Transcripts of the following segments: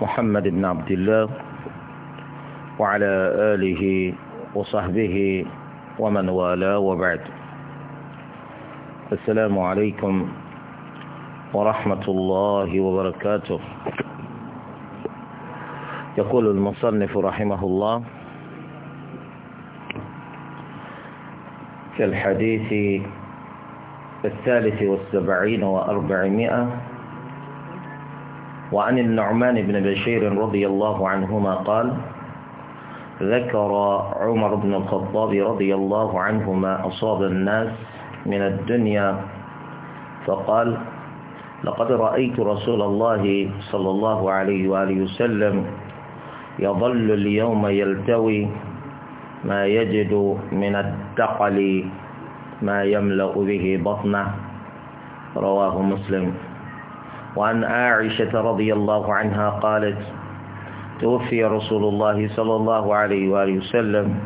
محمد بن عبد الله وعلى آله وصحبه ومن والاه وبعد السلام عليكم ورحمة الله وبركاته يقول المصنف رحمه الله في الحديث الثالث والسبعين وأربعمائة وعن النعمان بن بشير رضي الله عنهما قال ذكر عمر بن الخطاب رضي الله عنه ما أصاب الناس من الدنيا فقال لقد رأيت رسول الله صلى الله عليه وآله وسلم يظل اليوم يلتوي ما يجد من التقل ما يملأ به بطنه رواه مسلم وعن عائشة رضي الله عنها قالت توفي رسول الله صلى الله عليه وآله وسلم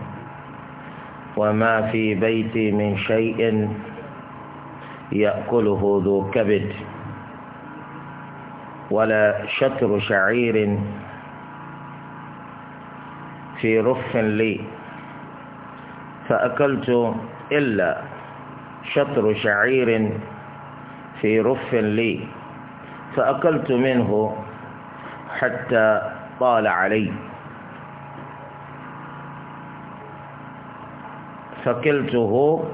وما في بيتي من شيء يأكله ذو كبد ولا شتر شعير في رف لي فأكلت إلا شطر شعير في رف لي فأكلت منه حتى طال علي فكلته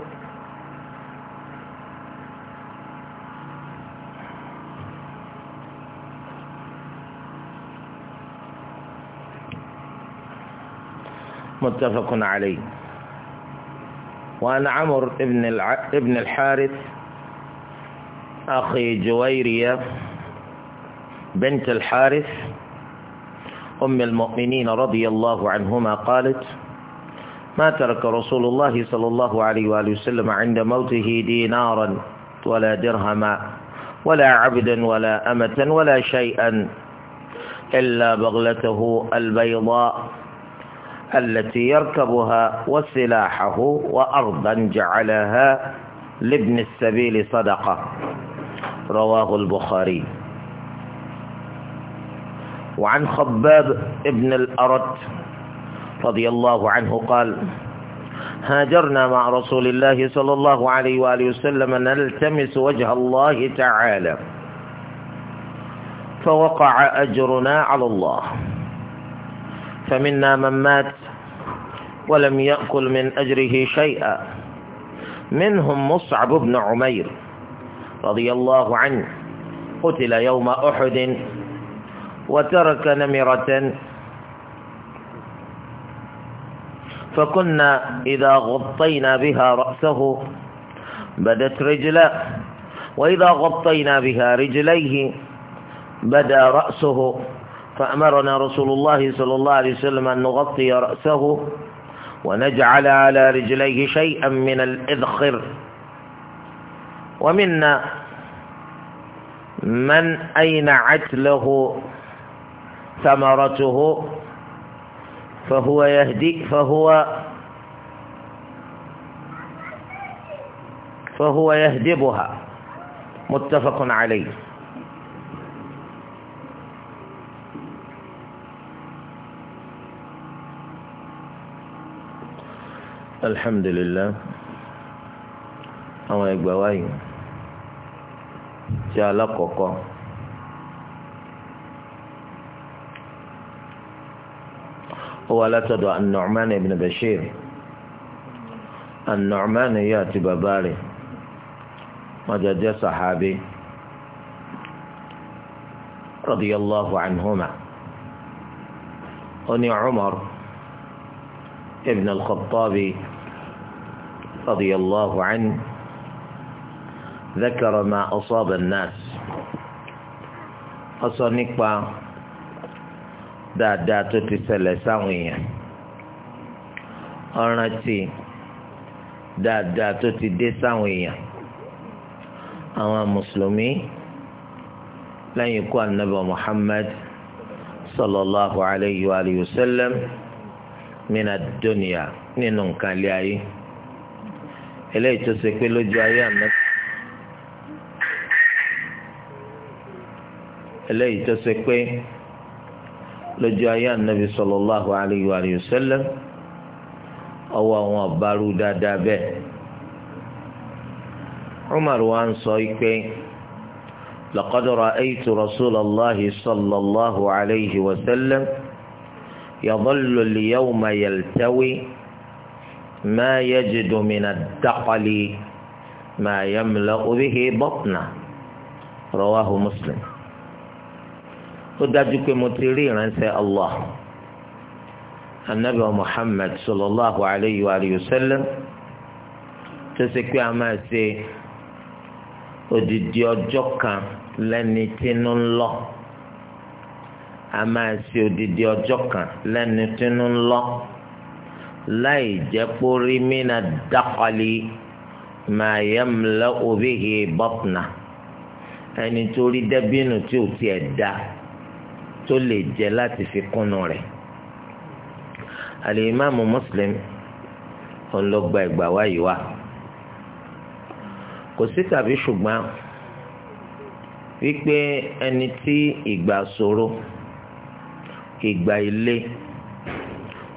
متفق عليه وأن عمر ابن الحارث أخي جويرية بنت الحارث أم المؤمنين رضي الله عنهما قالت ما ترك رسول الله صلى الله عليه وآله وسلم عند موته دينارا ولا درهما ولا عبدا ولا أمة ولا شيئا إلا بغلته البيضاء التي يركبها وسلاحه وأرضا جعلها لابن السبيل صدقة رواه البخاري وعن خباب ابن الأرت رضي الله عنه قال هاجرنا مع رسول الله صلى الله عليه وآله وسلم نلتمس وجه الله تعالى فوقع أجرنا على الله فمنا من مات ولم يأكل من أجره شيئا منهم مصعب بن عمير رضي الله عنه قتل يوم أحد وترك نمرة فكنا إذا غطينا بها رأسه بدت رجلا وإذا غطينا بها رجليه بدا رأسه فأمرنا رسول الله صلى الله عليه وسلم أن نغطي رأسه ونجعل على رجليه شيئا من الإذخر ومنا من أينعت له ثمرته فهو يهدي فهو فهو يهدبها متفق عليه الحمد لله أما يقبوا wáyé جاء alákọ̀ọ́kọ́ هو لا تدع النعمان بن بشير النعمان ياتي بباري مجد صحابي رضي الله عنهما أني عمر ابن الخطاب رضي الله عنه ذكر ما أصاب الناس أصنقبا dáadáa tó ti ṣẹlẹ̀ sáwọn èèyàn ọ̀ràn tí dáadáa tó ti dé sáwọn èèyàn àwọn mùsùlùmí lẹ́yìn ikú anabi muhammad sallallahu alayhi wa sallam mina dúnìyà nínú nǹkan ilé ayé eléyìí tó ṣe pé lójú ayé anabi. eléyìí tó ṣe pé lọ́jọ́ ayé anabi sallallahu alayhi wa sallam ọwọ́ àwọn àbárú dáadáa bẹ́ẹ̀. Umar wa ń sọ pé laqad ra'aytu rasulallahi sallallahu alayhi wa sallam yadhallu al-yawma yaltawi ma yajidu min ad-daqali ma yamla'u bihi batna rawahu muslim ó dájú pé mo ti rí ìránṣẹ́ Allah anabi Muhammad sallallahu alayhi wa sallam tó ṣe pé a máa ṣe odidi ọjọ́ kan lẹ́ni tí ń lọ a máa ṣe odidi ọjọ́ kan lẹ́ni tí ń láì jẹ́ pórí mina dákọ̀lì máa yẹ mlẹ́ òbí hi bọ́pùnà ẹni tó rí dẹ́bínú tí ò tiẹ̀ dáa tó lè jẹ láti fi kúnnú rẹ̀ alimami muslim ọlọgba ẹgbà wáyé wa kò sí tàbí ṣùgbọ́n wípé ẹni tí ìgbà ṣòro ìgbà ilé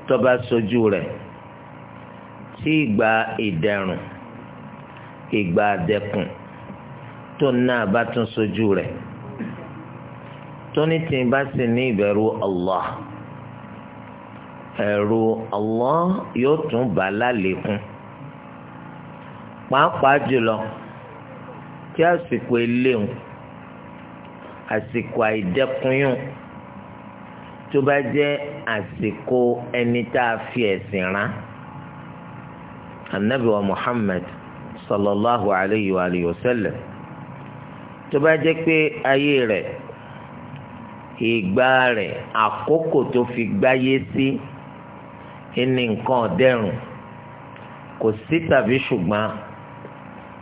tó bá ṣojú rẹ̀ tí ìgbà ìdẹ̀rùn ìgbà àdẹ̀kùn tó náà bá tún ṣojú tóní tí n bá sì ní ìbẹ̀rù Allah ẹ̀rù Allah yóò tún bá lálẹ́kún pàápàá jùlọ tí àsìkò eléwu àsìkò àìdẹ́kunyún tó bá jẹ́ àsìkò ẹni tá a fi ẹ̀sìn rán anabi wa Muhammad sallallahu alayhi wa sallam tó bá jẹ́ pé ayé rẹ̀. ìgbà rẹ àkókò tó fi gbáyé sí ẹni nǹkan ọ̀dẹ́rùn kò sí tàbí ṣùgbọ́n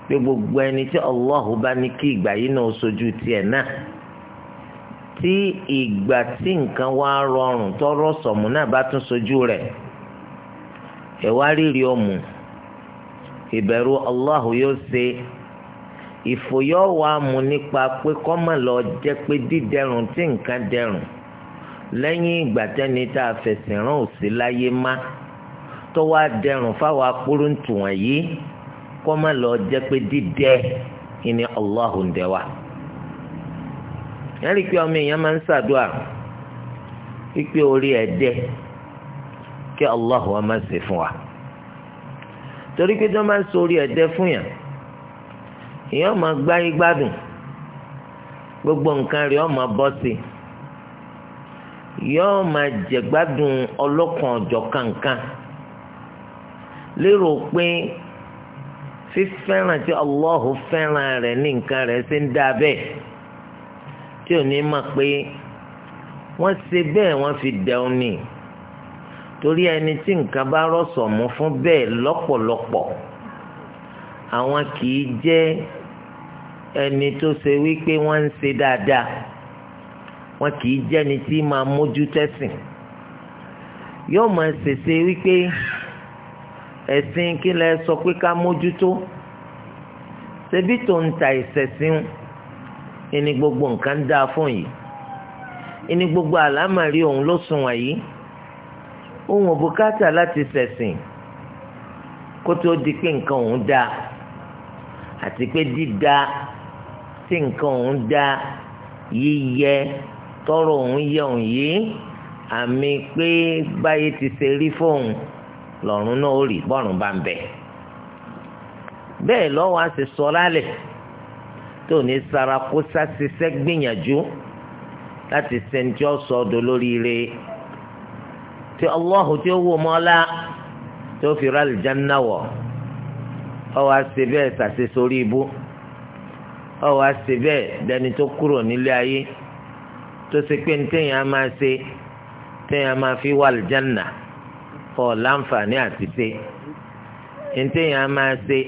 pé gbogbo ẹni tí Allahu bá ní kí ìgbà yìí náà sojú tiẹ̀ náà tí ìgbà tí nǹkan wá rọrùn tọrọ sọmù náà bá tún sojú rẹ̀ ẹ̀wá rírì ọmù ìbẹ̀rù Allahu yóò ṣe ìfòyọ́ wa mú nípa pé kọ́mọ̀ lọ jẹ́ pé dídẹrùn tí nǹkan dẹrùn lẹ́yìn ìgbà tẹ́ni tá a fẹ̀sìn rán òsì láyé má tó wá dẹrùn fáwọn akúrúntù wọ̀nyí kọ́mọ̀ lọ jẹ́ pé dídẹ ìní Allahu ń dẹ wa. yẹ́nì pé ọmọ èèyàn máa ń ṣàdúrà pípé orí ẹ̀ dẹ kí Allahu wa máa ṣe fún wa torí pé tó máa ń sọ orí ẹ̀ dẹ fún yàn èèyàn máa gbáyé gbádùn gbogbo nǹkan rẹ̀ ó máa bọ́ sí yóò máa jẹ̀gbádùn ọlọ́kan ọ̀jọ̀ kankan lérò pé fífẹ́ràn tí Allahu fẹ́ràn rẹ̀ ní nǹkan rẹ̀ ṣe ń dá bẹ́ẹ̀ tí ò ní mọ̀ pé wọ́n ṣe bẹ́ẹ̀ wọ́n fi dẹun ni torí ẹni tí nǹkan bá rọ̀sọ̀ mú fún bẹ́ẹ̀ lọ́pọ̀lọpọ̀ àwọn kì í jẹ́ ẹni tó ṣe wípé wọ́n ń ṣe dáadáa wọn kì í jẹ́ni tí máa mójú tẹ́sìn yóò máa ṣèṣe wípé ẹ̀sìn kí lẹ sọ pé ká mójútó ṣebí tó ń ta ìṣẹ̀sìn ẹni gbogbo nǹkan ń dáa fún yìí ẹni gbogbo àlámàrí òun ló sùn wọ̀nyí òun ò bùkátà láti ṣẹ̀sìn kó tó di pé nǹkan òun dáa àti pé dídá tí nǹkan òun da yíyẹ tọrọ òun yẹ òun yìí àmì pé báyé ti ṣe rí fóun lọ́run náà ó rí bọ́ọ̀rùn bá ń bẹ̀. bẹ́ẹ̀ lọ́wọ́ a sì sọ lálẹ̀ tó ní sarako sásisẹ́ gbìyànjú láti sẹ́ńtì ọ̀sọ́dọ̀ lóríire tí Allahu tí ó wò mọ́ ọ́lá tó fi rálì jánnà wọ̀ ọ́ wá sí bẹ́ẹ̀ sàṣẹ sórí ibú ọ wá ṣe bẹ́ẹ̀ dẹni tó kúrò nílé ayé tó ṣe pé téèyàn máa ṣe téèyàn máa fi wà lìjánà ọ láǹfààní àti ṣe téèyàn máa ṣe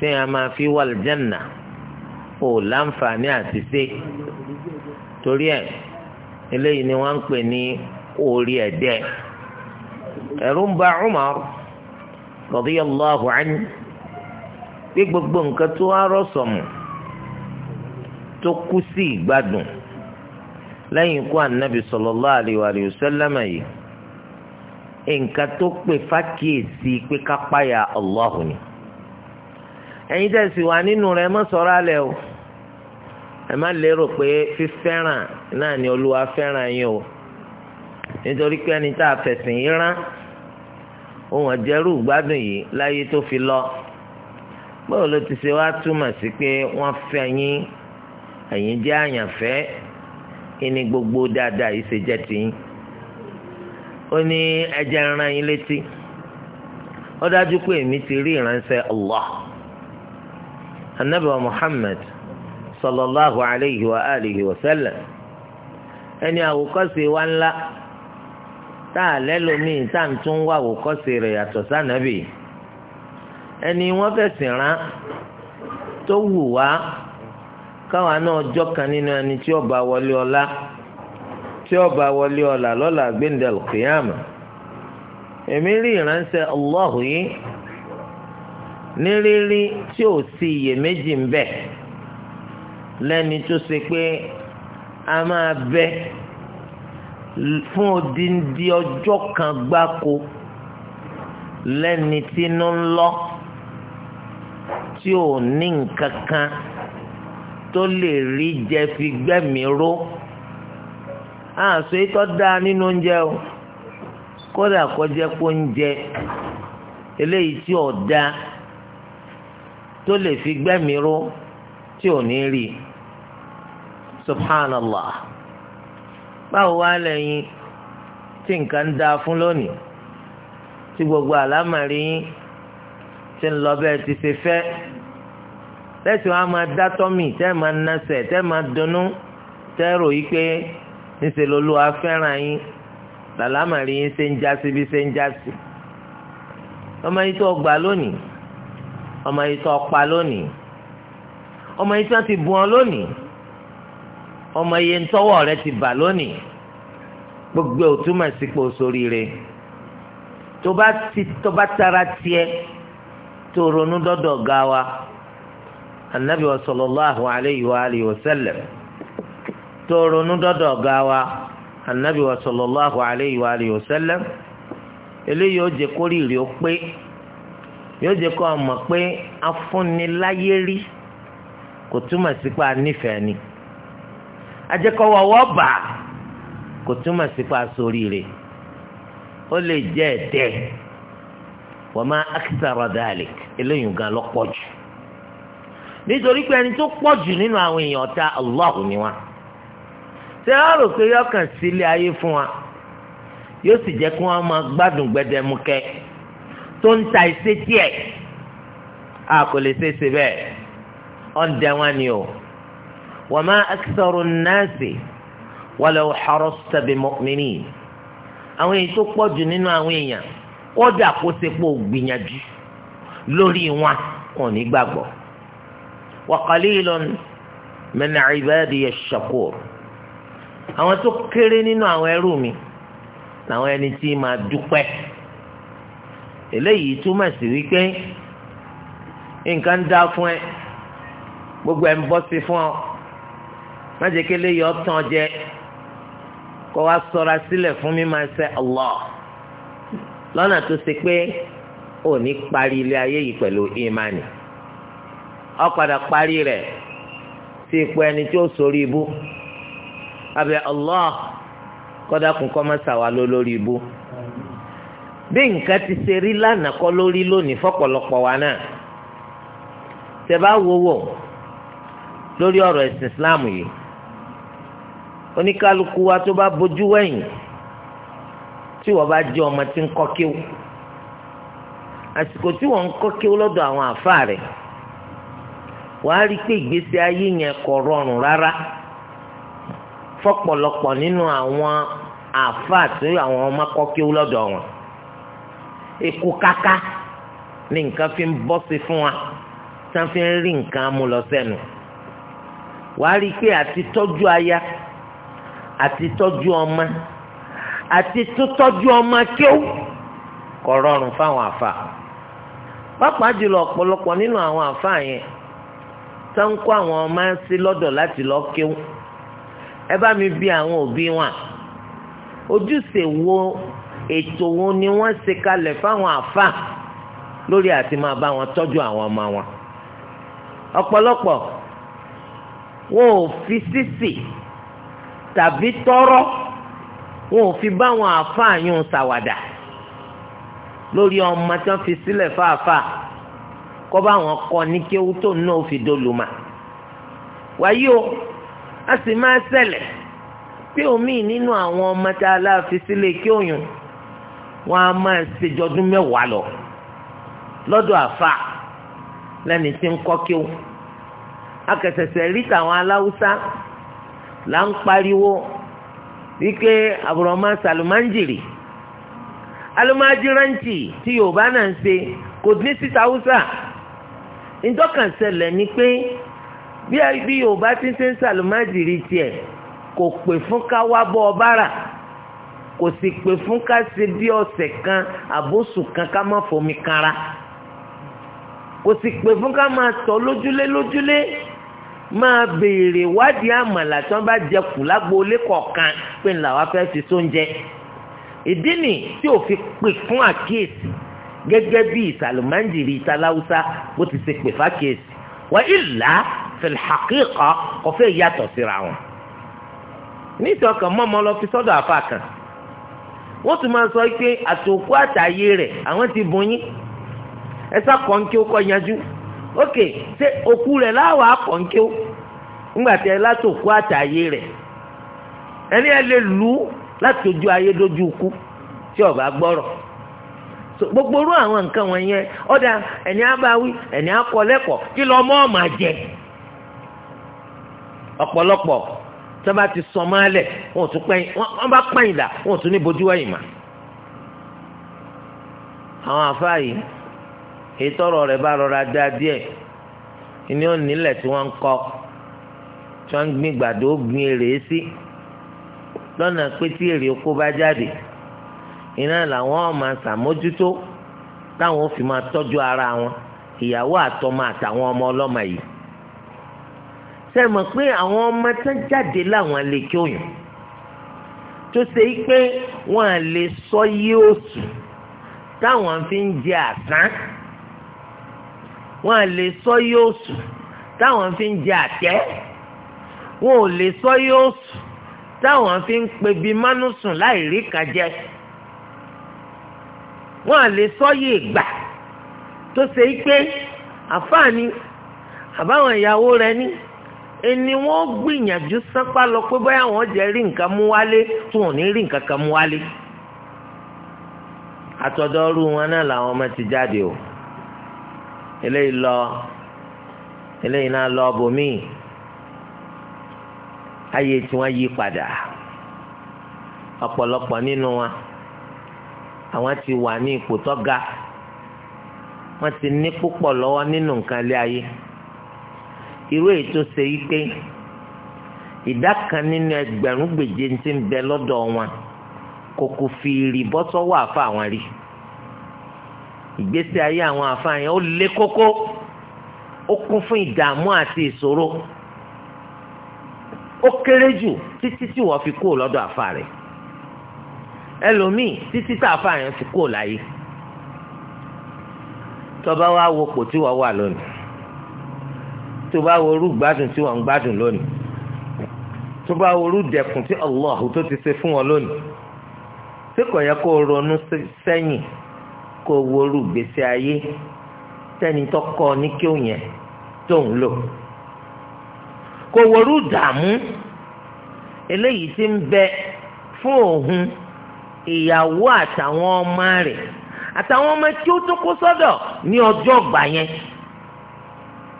téèyàn máa fi wà lìjánà ọ láǹfààní àti ṣe torí ẹ eléyìí ni wọ́n ń pè ní orí ẹdẹ ẹ̀rù ń bà Umar radiyallahu anhu pé gbogbo nǹkan tó wá rọ sọmù tó kú sí ìgbádùn lẹ́yìn ikú ànábì sallallahu alaihi wa sallam yìí nǹkan tó pè fákìyèsí pé kápáyà Allahu ni ẹ̀yin tẹ̀sí wa nínú rẹ̀ mọ́ sọ̀rọ̀ alẹ́ o ẹ má lérò pé fífẹ́ràn náà ni olúwa fẹ́ràn yín o nítorí pé ẹni tá a fẹ̀sìn yín rán ohun àjẹrù gbádùn yìí láyé tó fi lọ báwo ló ti ṣe wá túmọ̀ sí pé wọ́n fẹ́ yín ẹ̀yin jẹ́ àyànfẹ́ ìní gbogbo dáadáa yìí ṣe jẹ́ tiyín ó ní ẹjẹ́ ran yín létí ó dájú pé èmi ti rí Allah anabi Muhammad sallallahu alayhi wa alayhi, wa sallam ẹni àwòkọ́ṣe wa ńlá tá a lẹ́lòmíì tá à tún wá rẹ̀ yàtọ̀ ẹni wọ́n fẹ̀sìn rán tó káwa náà jọ́ kan nínú ẹni tí ó bá wọlé ọlá tí ó bá wọlé ọlá lọ́la gbẹ̀ndẹ̀lù kìyàmù èmi rí ìránṣẹ́ ọlọ́hùn yìí ní rírí tí ò sí iyèméjì ń bẹ lẹ́ni tó ṣe pé a máa bẹ fún odindi ọjọ́ kan gbáko lẹ́ni tí inú ń lọ tí ò ní nǹkan kan tó lè rí jẹ fi gbẹ́mí ró àṣọ ìtọ́ dáa nínú oúnjẹ o kódà kọjá pé oúnjẹ eléyìí tí ò da tó lè fi gbẹ́mí ró tí ò ní rí subhanallah báwo wá lẹ́yìn tí nǹkan ń da fún lónìí tí gbogbo àlámàrí yín ti ń lọ bẹ́ẹ̀ ti ṣe fẹ́ tẹ́sí wa máa dá tọ́mì tẹ́ máa nasẹ̀ tẹ́ máa dunnú tẹ́ rò yí pé níṣẹ́ lolúwa fẹ́ràn yín làlámàrí yín ṣe ń jásí bí ṣe ń jásí ọmọ yìí tó gbà lónìí ọmọ yìí tó pa lónìí ọmọ yìí tó ti bu ọ lónìí ọmọ yìí ntọ́wọ́ rẹ ti bà lónìí gbogbo òtúmọ̀ sípò sóríire tó bá tó bá tara tiẹ̀ tó ronú dọ́dọ̀ ga wa. anabi wa sallallahu alayhi wa alihi wa sallam tó ronú dọ́dọ̀ anabi wa sallallahu alihi wa sallam ọmọ pé afúniláyé rí kò túmọ̀ sí pé nífẹ̀ẹ́ ni ajẹ́kọ̀wọ́wọ́ bà kò túmọ̀ sí ó lè eléyìí gan nítorí pé ẹni tó pọ̀ jù nínú àwọn èèyàn ọ̀tá Allah ni wọn ṣé wọ́n rò pé yọkàn sílé ayé fún wa yóò sì jẹ́ kí wọ́n máa gbádùn gbẹdẹmukẹ́ tó ń ta ìṣe díẹ̀ a kò lè ṣe é ṣe bẹ́ẹ̀ ọ̀ǹdẹ̀ wọn ni o wa ma aktharu an-nasi walau harasta bi mu'minin àwọn èyí tó pọ̀ jù nínú àwọn èèyàn kódà kó ṣe gbìyànjú lórí wọn kò ní gbàgbọ́. وقليل من عبادي الشكور àwọn tó kéré nínú àwọn ẹrú mi làwọn ẹni tí máa dúpẹ́ eléyìí túmọ̀ sí wípé nǹkan dá fún ẹ gbogbo ẹ̀ ń bọ́ sí fún ọ má jẹ́ kí eléyìí ọ̀tàn jẹ kó wá sọra sílẹ̀ mi máa ṣe Allah lọ́nà tó ṣe pé ò ní parí ilé ayé yìí pẹ̀lú ó padà parí rẹ̀ sí ipò ẹni tí ó sórí ibú abẹ Allah kódà kún kọ́ máa ṣàwà ló lórí ibú bí nǹkan ti ṣe rí lánàá kọ́ lórí lónìí fọ́pọ̀lọpọ̀ wa náà tẹ́ bá wowó lórí ọ̀rọ̀ ẹ̀sìn Islam yìí oníkálukú wa tó bá bójú wẹ̀yìn tí wọ́n bá jẹ́ ọmọ tí ń kọ́ kíw àsìkò tí wọ́n ń kọ́ kíw lọ́dọ̀ àwọn àfáà rẹ̀. wàá rí i pé ìgbésí ayé yẹn kò rọrùn rárá fọ́pọ̀lọpọ̀ nínú àwọn àáfàá tí àwọn ọmọ kọ́kíó lọ́dọ̀ wọn èkó káká ni nǹkan fi ń bọ́ sí fún wa tí wọ́n fi ń rí nǹkan mú lọ sẹ́nu wàá rí i pé àti tọ́jú aya àti tọ́jú ọmọ àti tọ́jú ọmọ kíó kò rọrùn fáwọn àáfàá pàápàá jùlọ ọ̀pọ̀lọpọ̀ nínú àwọn àáfàá yẹn tó ń kó àwọn ọmọ sí lọ́dọ̀ láti lọ kéwú ẹ bá mi bí àwọn òbí wọn ojúṣe wo ètò wo ni wọ́n ṣe kalẹ̀ fáwọn àfà lórí àti máa bá wọn tọ́jú àwọn ọmọ wọn ọ̀pọ̀lọpọ̀ wọn ò fi sísì tàbí tọrọ wọn ò fi bá wọn àfà yún ṣàwàdà lórí ọmọ tí wọ́n fi sílẹ̀ fáfáà kọ́ bá wọn kọ́ ní kéwú tó náà fi dolùmọ̀ wáyé o a sì máa ṣẹlẹ̀ pé omi nínú àwọn ọmọ tá a láàfin sílé kí òyìn wọn a máa ṣèjọdún mẹ́wàá lọ lọ́dọ̀ àfa lẹ́ni tí ń kọ́ kéwú akẹsẹsẹ rí tàwọn aláwùsá là ń pariwo wípé àbùrọ̀mọ sàlùmáǹjìrì alumájíràǹtì tí yorùbá náà ń ṣe kò ní síta haúsá ìdọ́kànṣẹlẹ̀ ni pé bí ibi yorùbá ti ń ṣe ń sàlùmájìrì tiẹ̀ kò pè fún ká wá bọ́ ọ bára kò sì pè fún ká ṣe bí ọ̀sẹ̀ kan àbóṣù kan ká má fomi kanra kò sì pè fún ká máa tọ́ lójúlé lójúlé máa béèrè wádìí àmàlà tí wọ́n bá jẹ kù lágboolé pé ńlá wa fẹ́ fi sóúnjẹ ìdí nì tí ò fi pè fún àkíyèsí gẹ́gẹ́ bí ìsàlùmáǹjìrì ìsàláwùsá bó ti ṣe pè fákèsì wà ìlà fìlhàkìkọ kò fẹ́ yàtọ̀ síra wọn. nítorí ọkàn mọ́mọ́ lọ fi sọ́dọ̀ àfa kan wọ́n tún máa sọ pé àtòkú àtàyè rẹ̀ àwọn ti bùn yín ẹ sá kọ́ńkí ó yanjú ókè ṣé òkú rẹ̀ láwàá kọ́ńkí ó ńgbà tí ẹ látòkú àtàyè rẹ̀ ẹni ẹ lè lù láti ojú ayé dójú ikú tí ọba gbọ́rọ̀ gbogbo orú àwọn nǹkan wọ̀nyẹn ọ̀dà ẹni abáwí ẹni akọlẹ́kọ̀ọ́ kí lọ mọ́ ọ̀mà jẹ ọ̀pọ̀lọpọ̀ tí wọ́n bá ti sọ máa lẹ̀ wọ́n tún pẹ́yìn wọ́n bá pẹ́yìn dà wọ́n tún ní bojú ẹ̀yìn mà. àwọn àfáà yìí rẹ̀ bá rọra dá díẹ̀ ìní onílẹ̀ tí wọ́n ń kọ́ tí wọ́n gbìn gbàdó èrè sí lọ́nà pé tí èrè oko bá jáde iná làwọn máa ṣàmójútó táwọn fi máa tọ́jú ara wọn ìyàwó àtọmọ àtàwọn ọmọ ọlọ́mọ yìí ṣe mọ̀ pé àwọn ọmọ tán jáde láwọn lè kí òyìn tó ṣe é pé wọ́n lè sọ yí òsù táwọn fi ń jẹ àsán wọ́n lè sọ yí òsù táwọn fi ń jẹ àtẹ́ wọ́n ò lè sọ yí òsù táwọn fi ń pebi mánú sùn láì rí kan wọn à lè sọ́yè ìgbà tó ṣe é pé àfààní àbáwọn ìyàwó rẹ ní ẹni wọn gbìyànjú sápá lọ pé bóyá wọn jẹ rí nǹkan mú wálé tí wọn ò ní rí nǹkan kan mú wálé atọdọọrú wọn náà làwọn ọmọ ti jáde o eléyìí lọ eléyìí náà lọ bòmíì ayé tí wọn yí padà ọ̀pọ̀lọpọ̀ nínú wọn. àwọn ti wà ní ipò tó ga wọ́n ti ní púpọ̀ lọ́wọ́ nínú nǹkan ilé ayé irú èyí tó ṣe yí pé ìdá kan nínú ẹgbẹ̀rún gbèje ti ń bẹ lọ́dọ̀ wọn kò kò fi ìrìbọ́ sọ́wọ́ àfa àwọn rí ìgbésí ayé àwọn àfa yẹn ó lé kókó ó kún fún ìdààmú àti ìṣòro ó kéré jù títí tí wọ́n fi kúrò lọ́dọ̀ àfa rẹ̀ ẹlòmíì títí tààfà yẹn ti kó láyé tọba wa wo pò tí wọ́n wà lónìí tó bá wo orú gbádùn tí wọ́n ń gbádùn lónìí tó bá wo orú dẹkùn tí Allah tó ti ṣe fún wọn lónìí tí kò yẹ kó ronú sẹ́yìn kó wo gbèsè ayé tẹ́ni tó ní kí òun yẹn tó ń lò kò wo dààmú eléyìí tí ń bẹ fún òun ìyàwó àtàwọn ọmọ rẹ̀ àtàwọn ọmọ tí ó tún kó sọ́dọ̀ ní ọjọ́ ọgbà yẹn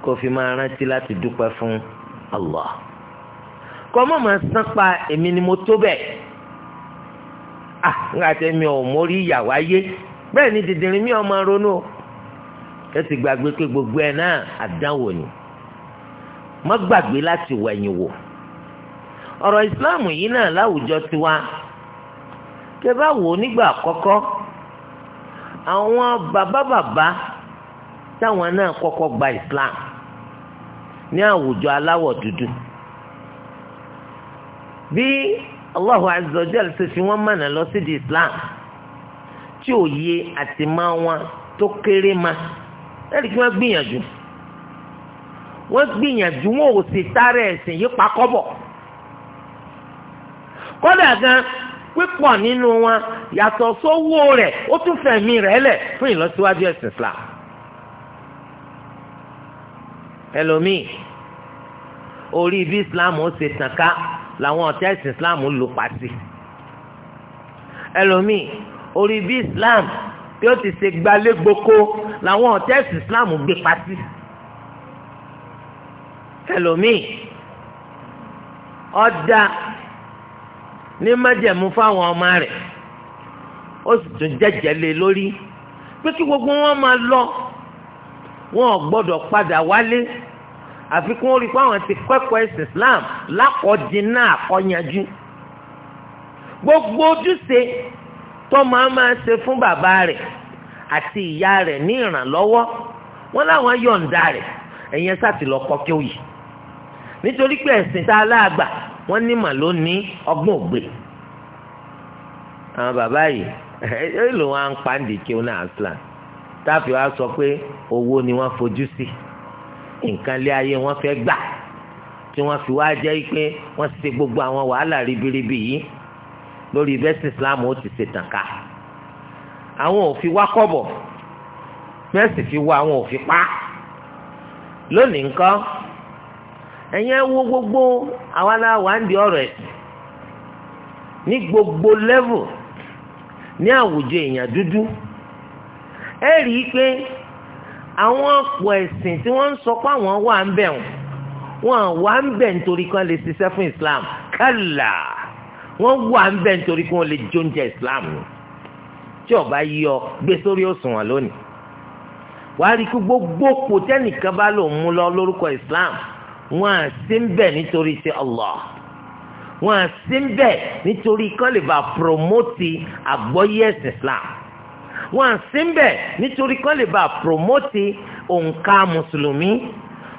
kó fi máa rántí láti dúpẹ́ fún Allah kọ́ mọ̀ máa sánpa èmi ni mo tó bẹ́ẹ̀ ah nígbà tí mi ò mórí ìyàwó ayé bẹ́ẹ̀ ni dìndìnrín mi ò máa ronú o ẹ ti gbàgbé pé gbogbo ẹ̀ náà àdánwò ni má gbàgbé láti wẹ̀yìn wò ọ̀rọ̀ ìsìláàmù yìí náà láwùjọ tiwa tẹ bá wò ó nígbà àkọ́kọ́ àwọn bàbá bàbá táwọn náà kọ́kọ́ gba Islam ní àwùjọ aláwọ̀ dúdú bí Allahu azza wa jalla ṣe fi wọ́n mọ̀nà lọ sí di Islam tí òye àti máa wọn tó kéré ma lẹ́yìn tí wọ́n gbìyànjú wọ́n gbìyànjú wọn ò sì tara ẹ̀sìn yìí pa kọ́bọ̀ kódà gan pípọ̀ nínú wọn yàtọ̀ sówó rẹ̀ ó tún fẹ̀mí rẹ̀ lẹ̀ fún ìlọsíwájú ẹ̀sìn Islam ẹlòmíì orí bí Islam ó ṣe tàn ká làwọn ọ̀tá ẹ̀sìn Islam ń lò pàṣẹ ẹlòmíì orí bí Islam tí ó ti ṣe gbalé gboko làwọn ọ̀tá ẹ̀sìn Islam gbé pàṣẹ ẹlòmíì ọ̀dà ní májẹ̀mú fáwọn ọmọ rẹ̀ ó sì tún jẹ́jẹ́ lé lórí pé kí gbogbo wọn máa lọ wọn gbọ́dọ̀ padà wálé àfi kí wọ́n ti kẹ́kọ̀ọ́ ẹ̀sìn Islam lákọ̀ọ́dínà àkọ́yanjú gbogbo ojúṣe tó máa máa ṣe fún bàbá rẹ̀ àti ìyá rẹ̀ ní ìrànlọ́wọ́ wọn láwọn yọ̀ǹda rẹ̀ ẹ̀yẹn sátìlọ́kọ́ kéwì nítorí pé ẹ̀sìn tá a láàgbà wọ́n ní mà ló ní ọgbọ́n ògbè àwọn bàbá yìí ẹ ló wá ń pa ń di kíó náà aslan táàfì wa sọ pé owó ni wọ́n fojú sí nǹkan lé ayé wọ́n fẹ́ gbà tí wọ́n fi wá jẹ́ pé wọ́n ṣe gbogbo àwọn wàhálà ribiribi yìí lórí bẹ́sì islam ó ti ṣe tàn ká àwọn ò fi wá kọ́bọ̀ bẹ́sì fi wá àwọn ò fi pa lónìí nǹkan ẹ̀yẹn wo gbogbo àwa la wà ń di ọ̀rọ̀ ẹ̀ ní gbogbo level ní àwùjọ èèyàn dúdú ẹ rí i pé àwọn ọ̀pọ̀ ẹ̀sìn tí wọ́n ń sọ pé àwọn wà ń bẹ̀ wọ́n wà ń bẹ̀ nítorí kan lè ṣiṣẹ́ fún Islam kálá wọ́n wà ń bẹ̀ nítorí kan lè jóúnjẹ Islam tí ọba yí ọ gbé sórí òṣùwọ̀n lónìí wàá rí i pé gbogbo kò tẹ́nìkan bá lòun mú lọ lórúkọ Islam wọn à sí ń nítorí sí Allah wọn à sí ń bẹ̀ nítorí kán lè bá promote àgbọ́yé ẹ̀sìn Islam wọn à sí ń bẹ̀ nítorí kán lè bá promote òǹkà mùsùlùmí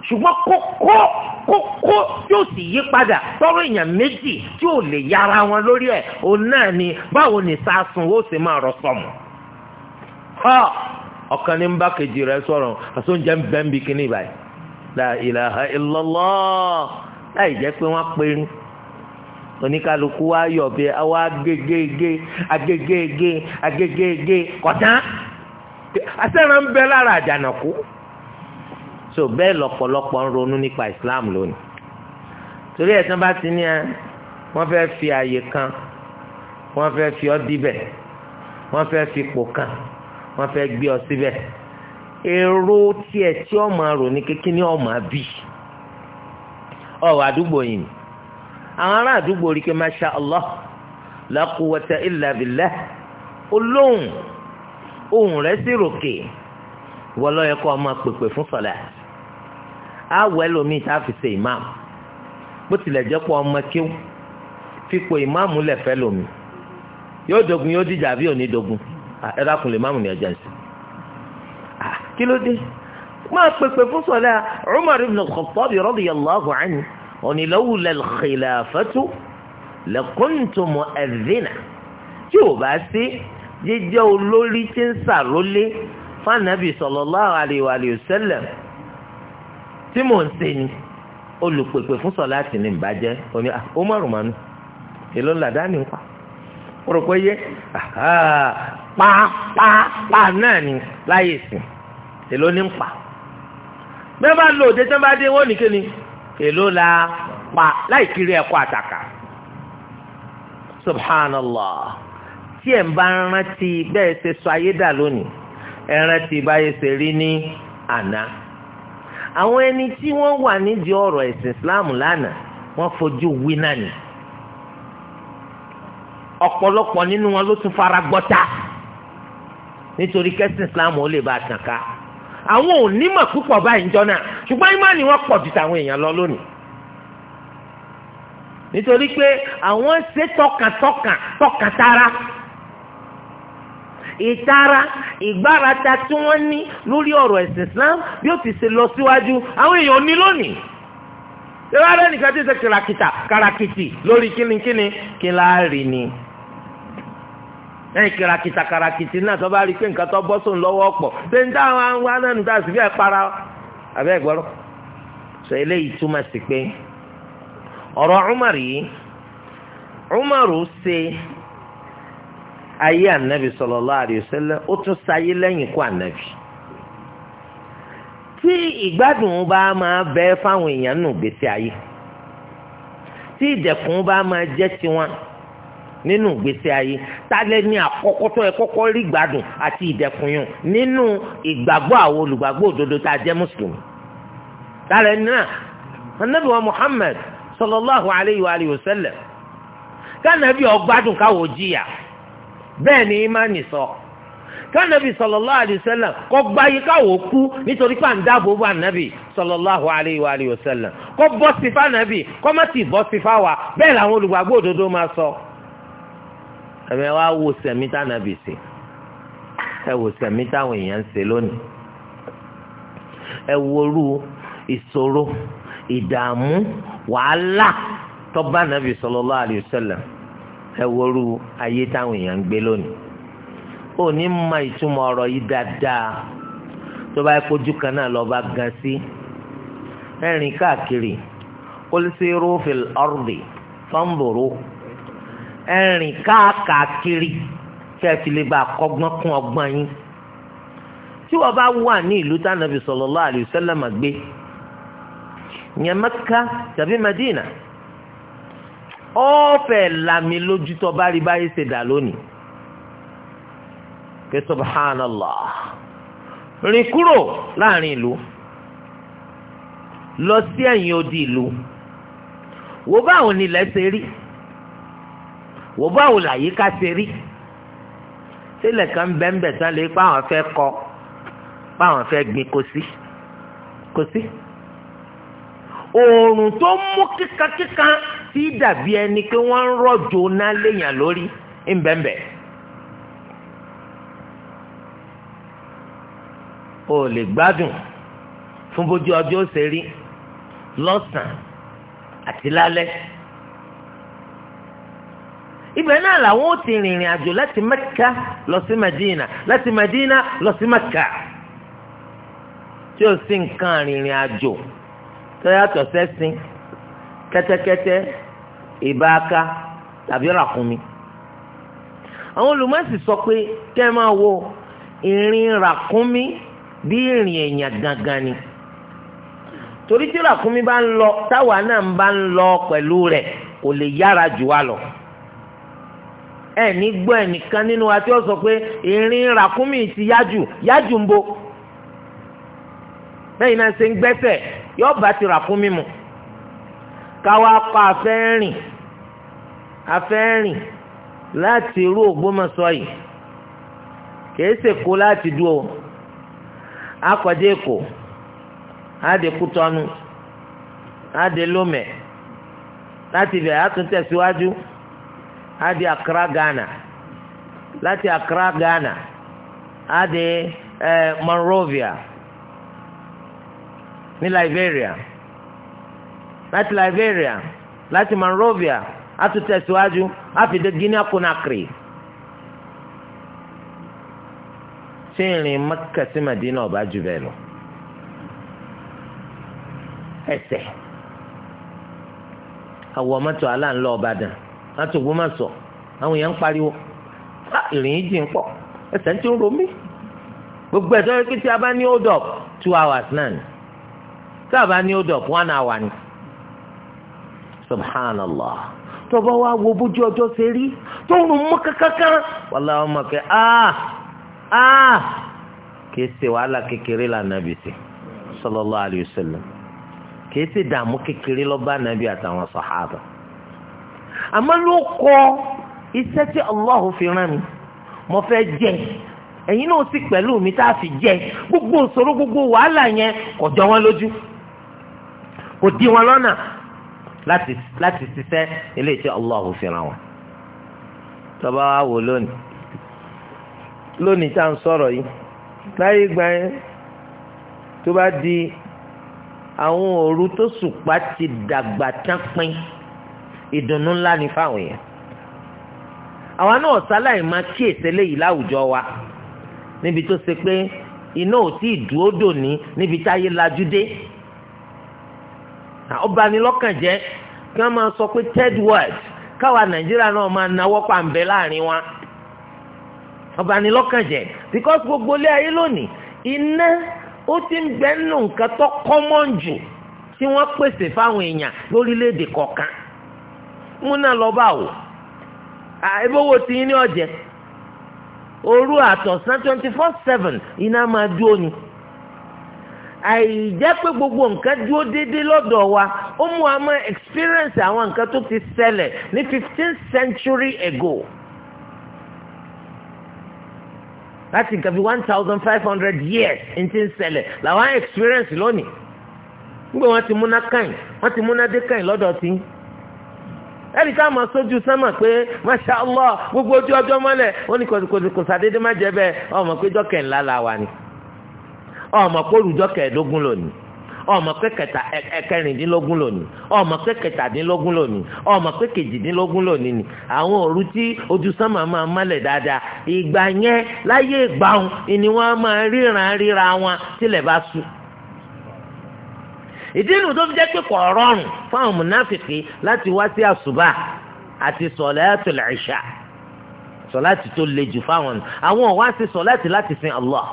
ṣùgbọ́n kókó kókó yóò sì yí padà tọrọ èèyàn méjì tí ò lè yára wọn lórí ẹ̀ òun náà ni báwo ni sásùn ó sì máa rọ sọmù. ọ̀kan ní ń bá kejì rẹ̀ sọ̀rọ̀ àti oúnjẹ ń bẹ́ ń bí kíní báyìí la ilaha illallah láì jẹ́ pé wọ́n pe irun oníkálukú wa yọ̀ bẹ́ẹ̀ àwa agégége agégége agégége kọ̀tán asẹ́ran ń bẹ lára àjànàkú so bẹ́ẹ̀ lọ́pọ̀lọpọ̀ ń ronú nípa Islam lónìí torí ẹ̀sán bá ti ní ẹ wọ́n fẹ́ fi àyè kan wọ́n fẹ́ fi ọ́ dibẹ̀ wọ́n fẹ́ fi ipò kan wọ́n fẹ́ gbé ọ síbẹ̀. Si èrò tiẹ̀ tí ó máa rò ní kékeré ní ọmọ àbí ọ̀rọ̀ àdúgbò yìí ni àwọn ará àdúgbò rí i pé masha allah la quwwata illa billah olóhùn ohùn rẹ̀ sì ròkè wọ́n lọ́ọ́ yẹ kó ọmọ pèpè fún sọ̀lá àwọ̀ ẹlòmíì tá a fi ṣe imam bó tilẹ̀ jẹ́ pọ̀ ọmọ kíw fipò imam lẹ̀ fẹ́ lomi yóò dogun yóò dìjà bí òní dogun ẹ̀rọ akùnlé imam ni ẹ̀jẹ̀ ń sìn kí ló dé máa pèpè fún sọlá Umar ibn al-Khattab radiyallahu anhu òní lawla al-khilafatu lakuntu mu'adhdhina tí ò bá sí jíjẹ́ olórí tí ń sàrólé fanabi sallallahu alayhi wa sallam tí mò ń ṣe ni olùpèpè fún sọlá tì ní ìbàjẹ́ òní ah, Umar manu èló ńlá dání ń rò pé yé pa pa pa náà ni láyé sìn èló ní pa bẹ́ẹ̀ bá lò òde tán bá dé wọ́n ní kíni èló la pa láì kiri ẹ̀kọ́ àtàkà subhanallah tí ẹ̀ ń bá rántí bẹ́ẹ̀ ṣe sọ ayé dà lónìí ẹ̀ rántí báyé ṣe rí ní àná àwọn ẹni tí wọ́n wà nídìí ọ̀rọ̀ ẹ̀sìn Islam lánàá wọ́n fojú wí náà ni ọ̀pọ̀lọpọ̀ nínú wọn ló tún fara gbọ́ta nítorí kẹ́sìn Islam ó lè bá a tàn ká àwọn ò nímọ̀ púpọ̀ báyìí ń jọ náà ṣùgbọ́n ìmánì wọn pọ̀ ju tàwọn èèyàn lọ lónìí nítorí pé àwọn ṣe tọkàntọkàn tọkàntara ìtara ìgbárata tí wọ́n ní lórí ọ̀rọ̀ ẹ̀sìn Islam bí ó ti ṣe lọ síwájú àwọn èèyàn ní lónìí ìrọ̀lẹ́ nìkan ti ṣe kìràkìtà kàràkìtì lórí kínníkínní kí láàrin ni. Kini kini, ẹ̀yìn kìràkìtà kàràkìtì náà tó bá rí pé nǹkan tó bọ́ sóun lọ́wọ́ pọ̀ ṣé ń dáhùn àwọn anáàánú a sì fi ẹ̀ para abẹ́ ìgbọ́rọ̀ sọ eléyìí túmọ̀ sí pé ọ̀rọ̀ yìí ṣe ayé ànábì sallallahu alayhi ó tún kú ànábì tí ìgbádùn bá máa bẹ fáwọn èèyàn gbèsè ayé tí bá máa tiwọn. nínú ìgbésí ayé tálẹ́ ní àkọ́kọ́ tó ẹ kọ́kọ́ rí gbádùn àti ìdẹ̀kùnyùn nínú ìgbàgbọ́ àwọn olùgbàgbọ́ òdodo tá a jẹ́ mùsùlùmí. tálẹ́ náà anabi wa Muhammad sallallahu alayhi wa alihi wa sallam kánàbí ọgbádùn káwọ jìyà bẹ́ẹ̀ ni imáni sọ kánàbí sallallahu alayhi wa sallam kọ́ gbáyé káwọ kú nítorí pàǹdàbò bá nàbì sallallahu alayhi wa alihi wa sallam kọ́ bọ́ sífà kọ́ ẹ̀mẹ́ wa wo sẹ̀mí tánàbì ṣe ẹ wo sẹ̀mí táwọn èèyàn ń ṣe lónìí ẹ worú ìṣòro ìdààmú wàhálà tó bá nàbì sallallahu alayhi wa sallam ẹ worú ayé táwọn èèyàn ń gbé lónìí ó ní ìtumọ̀ ọ̀rọ̀ yìí dáadáa tó bá kojú kan náà lọ bá gan sí ẹ̀rìn káàkiri qul siru fil ẹ̀rìn káàkiri kẹ́ ẹ fi lè bá kọ́gbọ́n kún ọgbọ́n yín tí wọ́n bá wà ní ìlú tánàbì sallallahu alaihi wasallam gbé ìyẹn Mẹ́kà tàbí Mẹ́dínà ó fẹ́ lami lójú tó bá rí báyìí ṣe dà lónìí pé subhanallah rìn kúrò láàrin ìlú lọ sí ẹ̀yìn odi ìlú wo báwọn nílẹ̀ ṣe rí wò báwo làyè ká ṣe rí sílẹ̀ kan bẹ́ńbẹ̀ tán lè pa àwọn fẹ́ kọ pa àwọn fẹ́ gbin kò sí kò sí oòrùn tó mú kíkankíkan tí dàbí ẹni pé wọ́n ń rọ̀jò náà léèyàn lórí ńbẹ́ńbẹ́ o lè gbádùn fún bójú ọjọ́ ó ṣe rí lọ́sàn-án àti lálẹ́ ibẹ̀ náà làwọn ó ti rìnrìn àjò láti mẹ́kà lọ sí madina láti madina lọ sí mẹ́kà tí ó sì nǹkan rìnrìn àjò tó yàtọ̀ sẹ́sìn kẹ́tẹ́kẹ́tẹ́ ìbáaka tàbí ràkúnmí àwọn olùmọ̀ọ́sì sọ pé kẹ́ ẹ máa wo ìrìn ràkúnmí bí ìrìn èèyàn gangan ni torí tí ràkúnmí bá ń lọ táwa náà bá ń lọ pẹ̀lú rẹ̀ kò lè yára jù wá lọ. enigbo enikan gbọ́ ẹnìkan nínú wa tí ó sọ pé ìrìn ràkúnmí ti yájú yájú ń bo lẹ́yìn náà ṣe ń gbẹ́sẹ̀ yóò bá ti ràkúnmí mu káwa pa afẹ́ rìn afẹ́ rìn láti irú Ògbómọ̀ṣọ́ yìí kìí ṣèkó láti dúró akọ̀dé èkó adé Kútọ́nù adé Lómẹ̀ láti bẹ̀ àtúntẹ̀síwájú. Si á di Accra Ghana láti Accra Ghana á di eh, Monrovia ní Liberia láti Liberia láti Monrovia á tún tẹ̀síwájú á fi dé Guinea Conakry. tí ìrìn Mẹ́kà sí Mẹ́dínà ọba jù bẹ́ẹ̀ lọ ẹsẹ̀ àwọ̀ mọ́tò aláǹlọ́ ọba dàn láti Ògbómọ̀ṣọ́ àwọn èèyàn ń pariwo ah, ìrìn jìn pọ̀ ẹsẹ̀ ń ti ń ro mí gbogbo ẹ̀ tó yẹ kí tí a bá ní hold up two hours náà ni tí a bá ní hold up one hour ni subhanallah tó bá wá wo bójú ọjọ́ ṣe rí tó ń rún mọ́ kankan wàlá ọmọ kẹ áà áà kì í ṣe wàhálà kékeré lànà bìsí sallallahu alayhi wa kì í ṣe dààmú kékeré lọ́ba nàbí àtàwọn sàhábà àmọ́ ló kọ iṣẹ́ tí Allah fi rán mi mo fẹ́ jẹ ẹ̀yin náà sì pẹ̀lú mi tá a fi jẹ gbogbo ìṣòro gbogbo wàhálà yẹn kò jọ wọn lójú kò di wọn lọ́nà láti láti ṣiṣẹ́ eléyìí tí Allah fi rán wọn. tọ́ba wa wò lónìí lónìí tá à ń sọ̀rọ̀ yìí láyé ìgbà yẹn tó bá di àwọn òru tó sùpá ti dàgbà tán pín ìdùnnú ńlá ni fáwọn èèyàn àwa náà sáláì máa kíyèsí eléyìí láwùjọ wa níbi tó ṣe pé iná ò tí ì dúró dòní níbi táyé lajú dé ó bani lọ́kàn jẹ́ kí wọ́n máa sọ pé third world káwa nàìjíríà náà máa náwó pàǹbẹ láàrin wa ó bani lọ́kàn jẹ́ because gbogbo ilé ayé lónìí iná ó ti ń bẹ́ẹ̀ nù nǹkan tó common jù tí wọ́n pèsè fáwọn èèyàn lórílẹ̀‐èdè kọ̀ọ̀kan. múná lọ́ba wò àìbówó tí yín ní ọ̀jẹ̀ òru àtọ̀sán twenty four seven iná máa dúró ni àìjẹ́ pé gbogbo nǹkan dúró déédéé lọ́dọ̀ wa ó mú wa mọ experience àwọn nǹkan tó ti n'i ní th century ago láti nǹkan bí one thousand five hundred years n ti ń ṣẹlẹ̀ làwọn experience lónìí nígbà wọn ti múná kàn wọ́n ti múná dé kàn lọ́dọ̀ tí yín. ẹnì ká máa sójú pe pé masha allah gbogbo ojú ọjọ́ mọ́lẹ̀ ó ní kò sàdédé má jẹ́ bẹ́ẹ̀ ọmọ pé jọ́kẹ̀ ńlá la wà ni ọmọ pé olùjọ́kẹ̀ ẹ̀dógún lónìí ọmọ pé kẹta ẹ̀kẹrìndínlógún lónìí ọmọ pé kẹtàdínlógún lónìí ọmọ pé kejìdínlógún lónìí ni àwọn òru tí ojú sánmà máa mọ́lẹ̀ dáadáa ìgbà yẹn láyé ìgbà wọn ni wọ́n máa ríran ríra wọn bá sùn ìdí inú tó fi jẹ́ pé kò rọrùn fáwọn mùnáfìkì láti wá sí àṣùbà àti sọ̀látul ìṣà sọ̀láti tó le jù fáwọn àwọn ò wá sí sọ̀láti láti sin Allah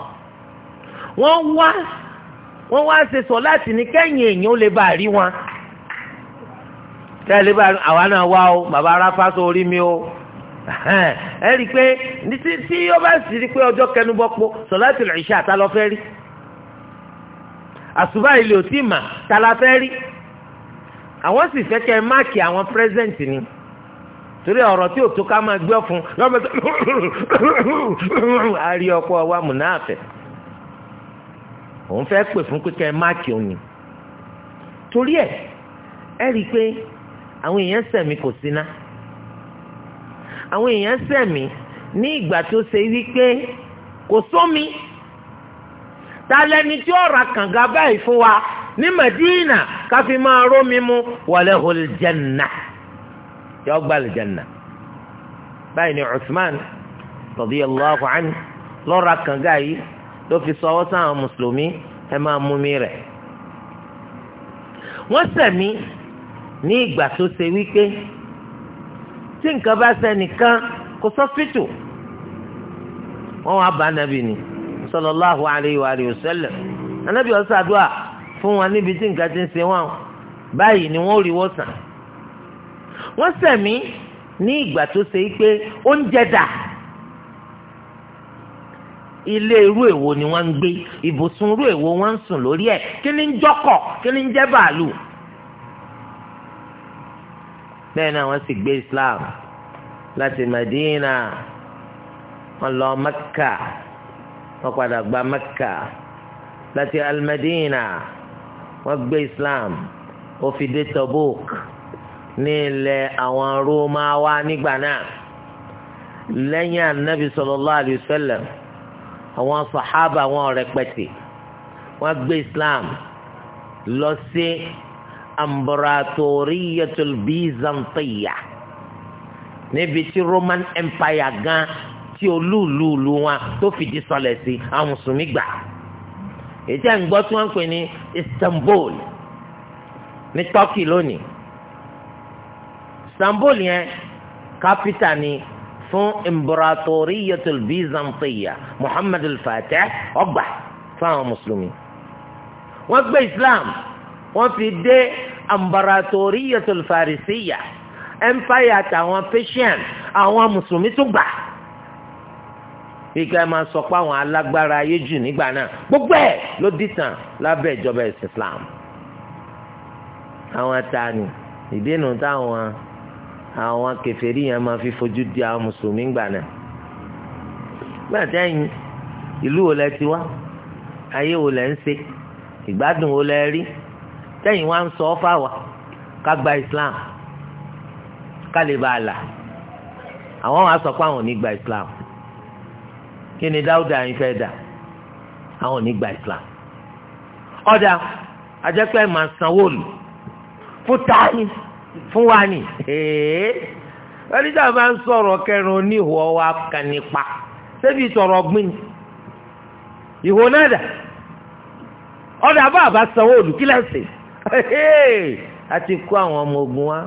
wọ́n wá wọ́n wá ṣe sọ̀láti ní kẹ́yìn èèyàn ó lè bá rí wọn tẹ́lẹ̀ bá àwa náà wá o bàbá aráfá sọ orí mi o ẹ rí i pé tí ọba sì rí i pé ọjọ́ kẹnubọ́pọ̀ sọ̀látul ìṣà tá lọ fẹ́ rí i àṣùbà ilé ò tí mà tala fẹ́ rí àwọn sì fẹ́ kẹ́ máàkì àwọn present ni torí ọ̀rọ̀ tí òtún ká máa gbọ́ fún lọ́mọ tó a rí ọ̀pọ̀ wa múnáàfẹ́ òun fẹ́ pè fún pípẹ́ máàkì òní torí ẹ̀ ẹ rí i pé àwọn èèyàn sẹ̀mí kò síná àwọn èèyàn sẹ̀mí ní ìgbà tó ṣe wípé kò sómi. So talẹni tí ó ra kànga báyìí fún wa ní Madina káfí máa rómi mu walahul janna yọ gba aljanna báyìí ni Uthman radiyallahu anhu ló ra kànga yìí ló fi sọ ọwọ́ sáwọn mùsùlùmí ẹ máa mú mi rẹ̀ wọ́n sẹ̀mí ní ìgbà tó ṣe wípé tí nǹkan bá ṣẹnìkan kò sọ́fìtò wọ́n wá bá nàbì ni. sallallahu alayhi wa sallam anabi ọ̀sàdúà fún wa níbi tí nǹkan ti ń ṣe wọn báyìí ni wọ́n rí wọ́n sàn wọ́n sẹ̀mí ní ìgbà tó ṣe pé oúnjẹ dà ilé irú èwo ni wọ́n ń gbé ibùsùn irú èwo wọ́n ń sùn lórí ẹ̀ kí ni ń jọ́kọ̀ kí ni ń jẹ́ bàálù bẹ́ẹ̀ náà wọ́n sì gbé Islam láti Madina wọ́n lọ wọ́n padà gba Mẹ́kà láti Al-Madina wọ́n gbé Islam ó fi dé Tabuk ní ilẹ̀ àwọn Rómáwá nígbà náà lẹ́yìn anabi sallallahu alayhi wa sallam àwọn sàhábà wọn rẹpẹtẹ wọ́n gbé Islam lọ sí ambaratoriyatul Bizantiya níbi tí Roman Empire gan tí olúùlúùlú wọn tó fìdí sọlẹ̀ sí àwọn mùsùlùmí gbà ètí à ń gbọ́ tí wọ́n ń pè ní Istanbul ní Turkey lónìí Istanbul yẹn kápítà ni fún Imbratoriyatul Byzantiya Muhammad al-Fatih ọgbà fún àwọn mùsùlùmí wọ́n gbé Islam wọ́n fi dé Imbratoriyatul Farisiya empire tàwọn Persian àwọn mùsùlùmí tún gbà ike ẹ máa sọ pé àwọn alágbára ayé jù nígbà náà gbogbo ẹ̀ ló dìtàn lábẹ́ ìjọba ẹ̀sìn Islam àwọn tani ìdènà táwọn àwọn kèfèrí yẹn máa fi fojú di àwọn mùsùlùmí gbà náà gbọ́dọ̀ tẹ́yìn ìlú wo lẹ ti wá ayé wo lẹ ń ṣe ìgbádùn wo lẹ rí tẹ́yìn wá ń sọ ọ́ fáwa ká gba Islam ká lè bá a là àwọn wá sọ pé àwọn ò ní gba Islam. kí ni dáúdà yín fẹ́ dà àwọn ní gba islam ọ̀dà ajẹ́pẹ́ máa sanwó lù fún tani fún wa ni wọ́n máa ń sọ̀rọ̀ kẹrin oníhùn ọwọ́ akanipa ṣebí sọ̀rọ̀ gbìn ìhò náà dà ọ̀dà bá àbá sanwó lù kí a ti kó àwọn ọmọ ogun wa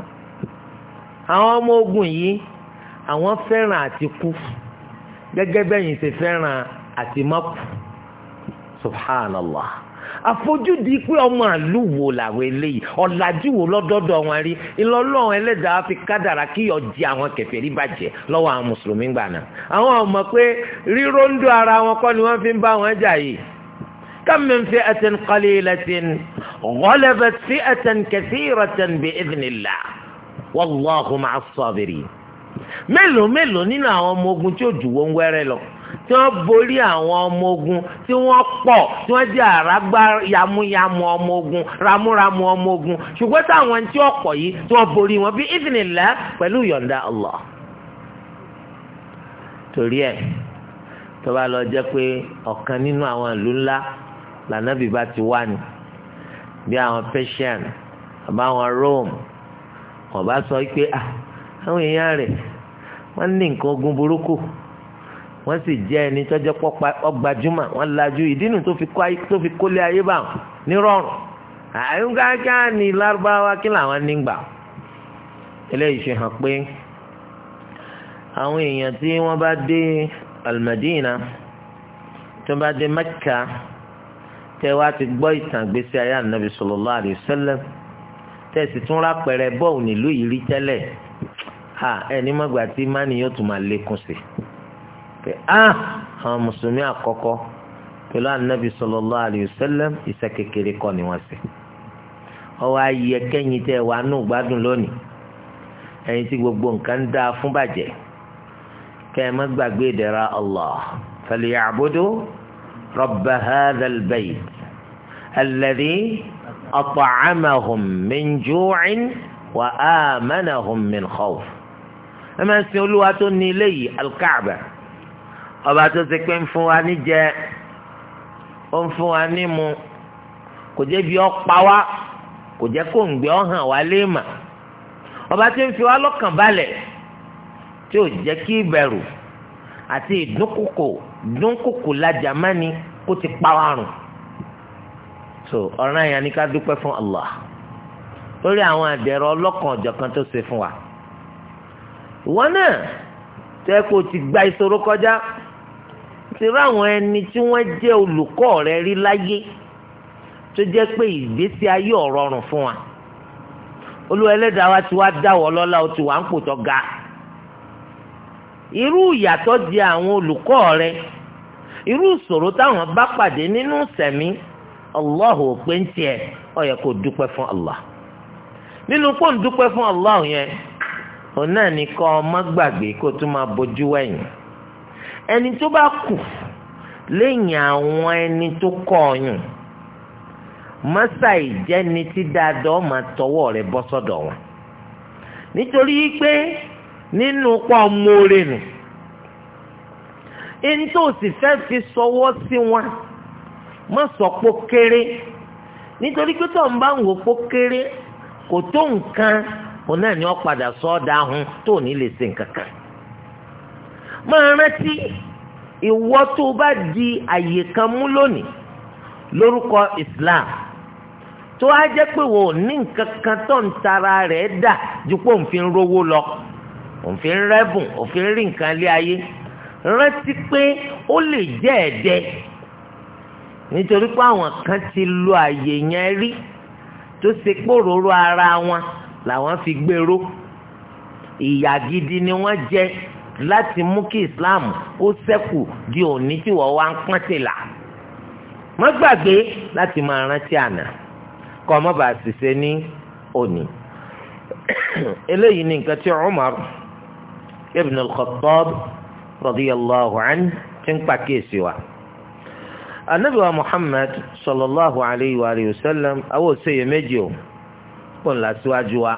àwọn ọmọ ogun yìí àwọn fẹ́ràn àti kú fún. gẹ́gẹ́ bẹ́yìn ṣe fẹ́ràn àti mọ́kù subhanallah àfojúdi pé ọmọ àlù wo làwọn eléyìí ọ̀làjú wo lọ́dọ́dọ̀ wọn rí ìlọ́lọ́run ẹlẹ́dàá fi kádàrá kí ọjì àwọn kèfèrí bàjẹ́ lọ́wọ́ àwọn mùsùlùmí gbà náà àwọn ọmọ pé ríróńdó ara wọn kọ́ ni wọ́n fi ń bá wọn jà yìí kam min fi'atin qalilatin ghalabat fi'atan kathiiratan bi'idhnillah wallahu ma'as-sabirin mélòó mélòó nínú àwọn ọmọ ogun tí ò jùwọ́ ń wẹ́rẹ́ lọ tí wọ́n borí àwọn ọmọ ogun tí wọ́n pọ̀ tí wọ́n jẹ́ àràgbá yamuyamu ọmọ ogun ramúramù ọmọ ogun ṣùgbọ́n táwọn tí wọ́n pọ̀ yìí tí wọ́n borí wọn bí ìfìnnìlẹ́ pẹ̀lú yọ̀ǹda Allah torí ẹ̀ tó bá lọ jẹ́ pé ọ̀kan nínú àwọn ìlú ńlá lànàbì bá ti wá ni bí àwọn Persian àbáwọn Rome wọ́n bá sọ pé ah àwọn èèyàn rẹ̀ wọ́n ní nǹkan ogun burúkú wọ́n sì jẹ́ ẹni tọ́jọ́ pọ́pa ọgbàjúmọ̀ wọ́n lajú ìdínú tó fi kólé ayé bá wọn nírọ̀rùn àyùnkáká ni lárúbáwá kí làwọn ní gbà eléyìí fi hàn pé àwọn èèyàn tí wọ́n bá dé almadina tó bá dé mẹ́kà tẹ́ wá ti gbọ́ ìtàn gbèsè ayé ànábì sallallahu alaihi wasallam tẹ́ sì tún rápẹ̀rẹ̀ bọ́ọ̀ nílùú yìí rí tẹ́lẹ̀ ẹni mọ̀gbà tí mánì yóò tún máa lékún sí i ah! àwọn mùsùlùmí àkọ́kọ́ pẹ̀lú anabi sallallahu alayhi wa sallam iṣẹ́ kékeré kọ́ ni wọ́n ṣe ọwọ́ ayé kẹ́yìn tẹ́ wàá nù gbádùn lónìí ẹ̀yin tí gbogbo nǹkan dá fún bàjẹ́ kẹ́ ẹ má gbàgbé ìdẹ̀ra Allah falyabudu rabba hadhal bayt alladhi at'amahum min ju'in wa amanahum min khawf ẹ máa ń sin olúwa tó ní ilé yìí alkaaba ọba tó ti pé fún wa níjẹ ó ń fún wa nímu kò jẹ́ bí ó pa wá kò jẹ́ kó ń gbé ọ hàn wá léèmà ọba tí ń fi wá lọ́kàn balẹ̀ tí ò jẹ́ kí ìbẹ̀rù àti ìdúnkòkò dúnkòkò lajà mání kó ti pa wá rùn so ọ̀ràn yẹn ni ká dúpẹ́ fún Allah lórí àwọn àdẹ̀rọ ọlọ́kan ọ̀jọ̀kan tó ṣe fún wa. ìwọ náà tẹ́ kó o ti gba ìṣòro kọjá ti rá àwọn ẹni tí wọ́n jẹ́ olùkọ́ rẹ rí láyé tó jẹ́ pé ìgbésí ayé ọ̀rọ̀ ọ̀rùn fún wa olúwa ẹlẹ́dàá wa ti wá dáwọ́ lọ́lá o ti wà ń pò tó ga irú ìyàtọ̀ di àwọn olùkọ́ rẹ irú ìṣòro táwọn bá pàdé nínú sẹ̀mí allah ò pé ń tiẹ̀ ó yẹ kó dúpẹ́ fún allah nínú kó ń dúpẹ́ fún allah yẹn òun náà ní kọ́ ọmọ gbàgbé kó tún máa bójú wẹ̀yìn ẹni tó bá kù awọn àwọn ẹni tó kọ́ ọyàn mọ́sà ìjẹ́ni tí dáadọ́ máa tọwọ́ rẹ̀ bọ́ sọ́dọ̀ wọn nítorí pé nínú pọ́ mórè nù ẹni tó sì fẹ́ fi sọwọ́ sí wọn má sọ pó kéré nítorí pé tó ń bá ń wò pó kéré kò tó nǹkan òun náà ni ó padà sọ ọ́ dáhùn tó ní lè ṣe nǹkan kan máa rántí ìwọ tó bá di àyè kan mú lónìí lórúkọ Islam tó á jẹ́ pé wò ó ní nǹkan kan tó ń tara rẹ̀ dà ju pé òun fi ń rówó lọ òun fi ń rẹ́bùn òun fi ń rí nǹkan lé ayé rántí pé ó lè jẹ́ ẹ̀dẹ́ nítorí pé àwọn kan ti lo àyè yẹn rí tó ṣe pòróró ara wọn làwọn fi gbèrò ìyà gidi ni wọ́n jẹ láti mú kí islam kó ṣẹ́kù di òní tí wọ́n wá ń pọ́n ti là má gbàgbé láti máa rántí àná kọ́ ọ má bàa ní òní eléyìí ni nǹkan tí Umar ibn al-Khattab radiyallahu an ti ń pàkíyèsí wa anabiwa Muhammad sallallahu alayhi wa sallam awo ṣeyẹ méjì o pọ̀ ńlá síwájú wa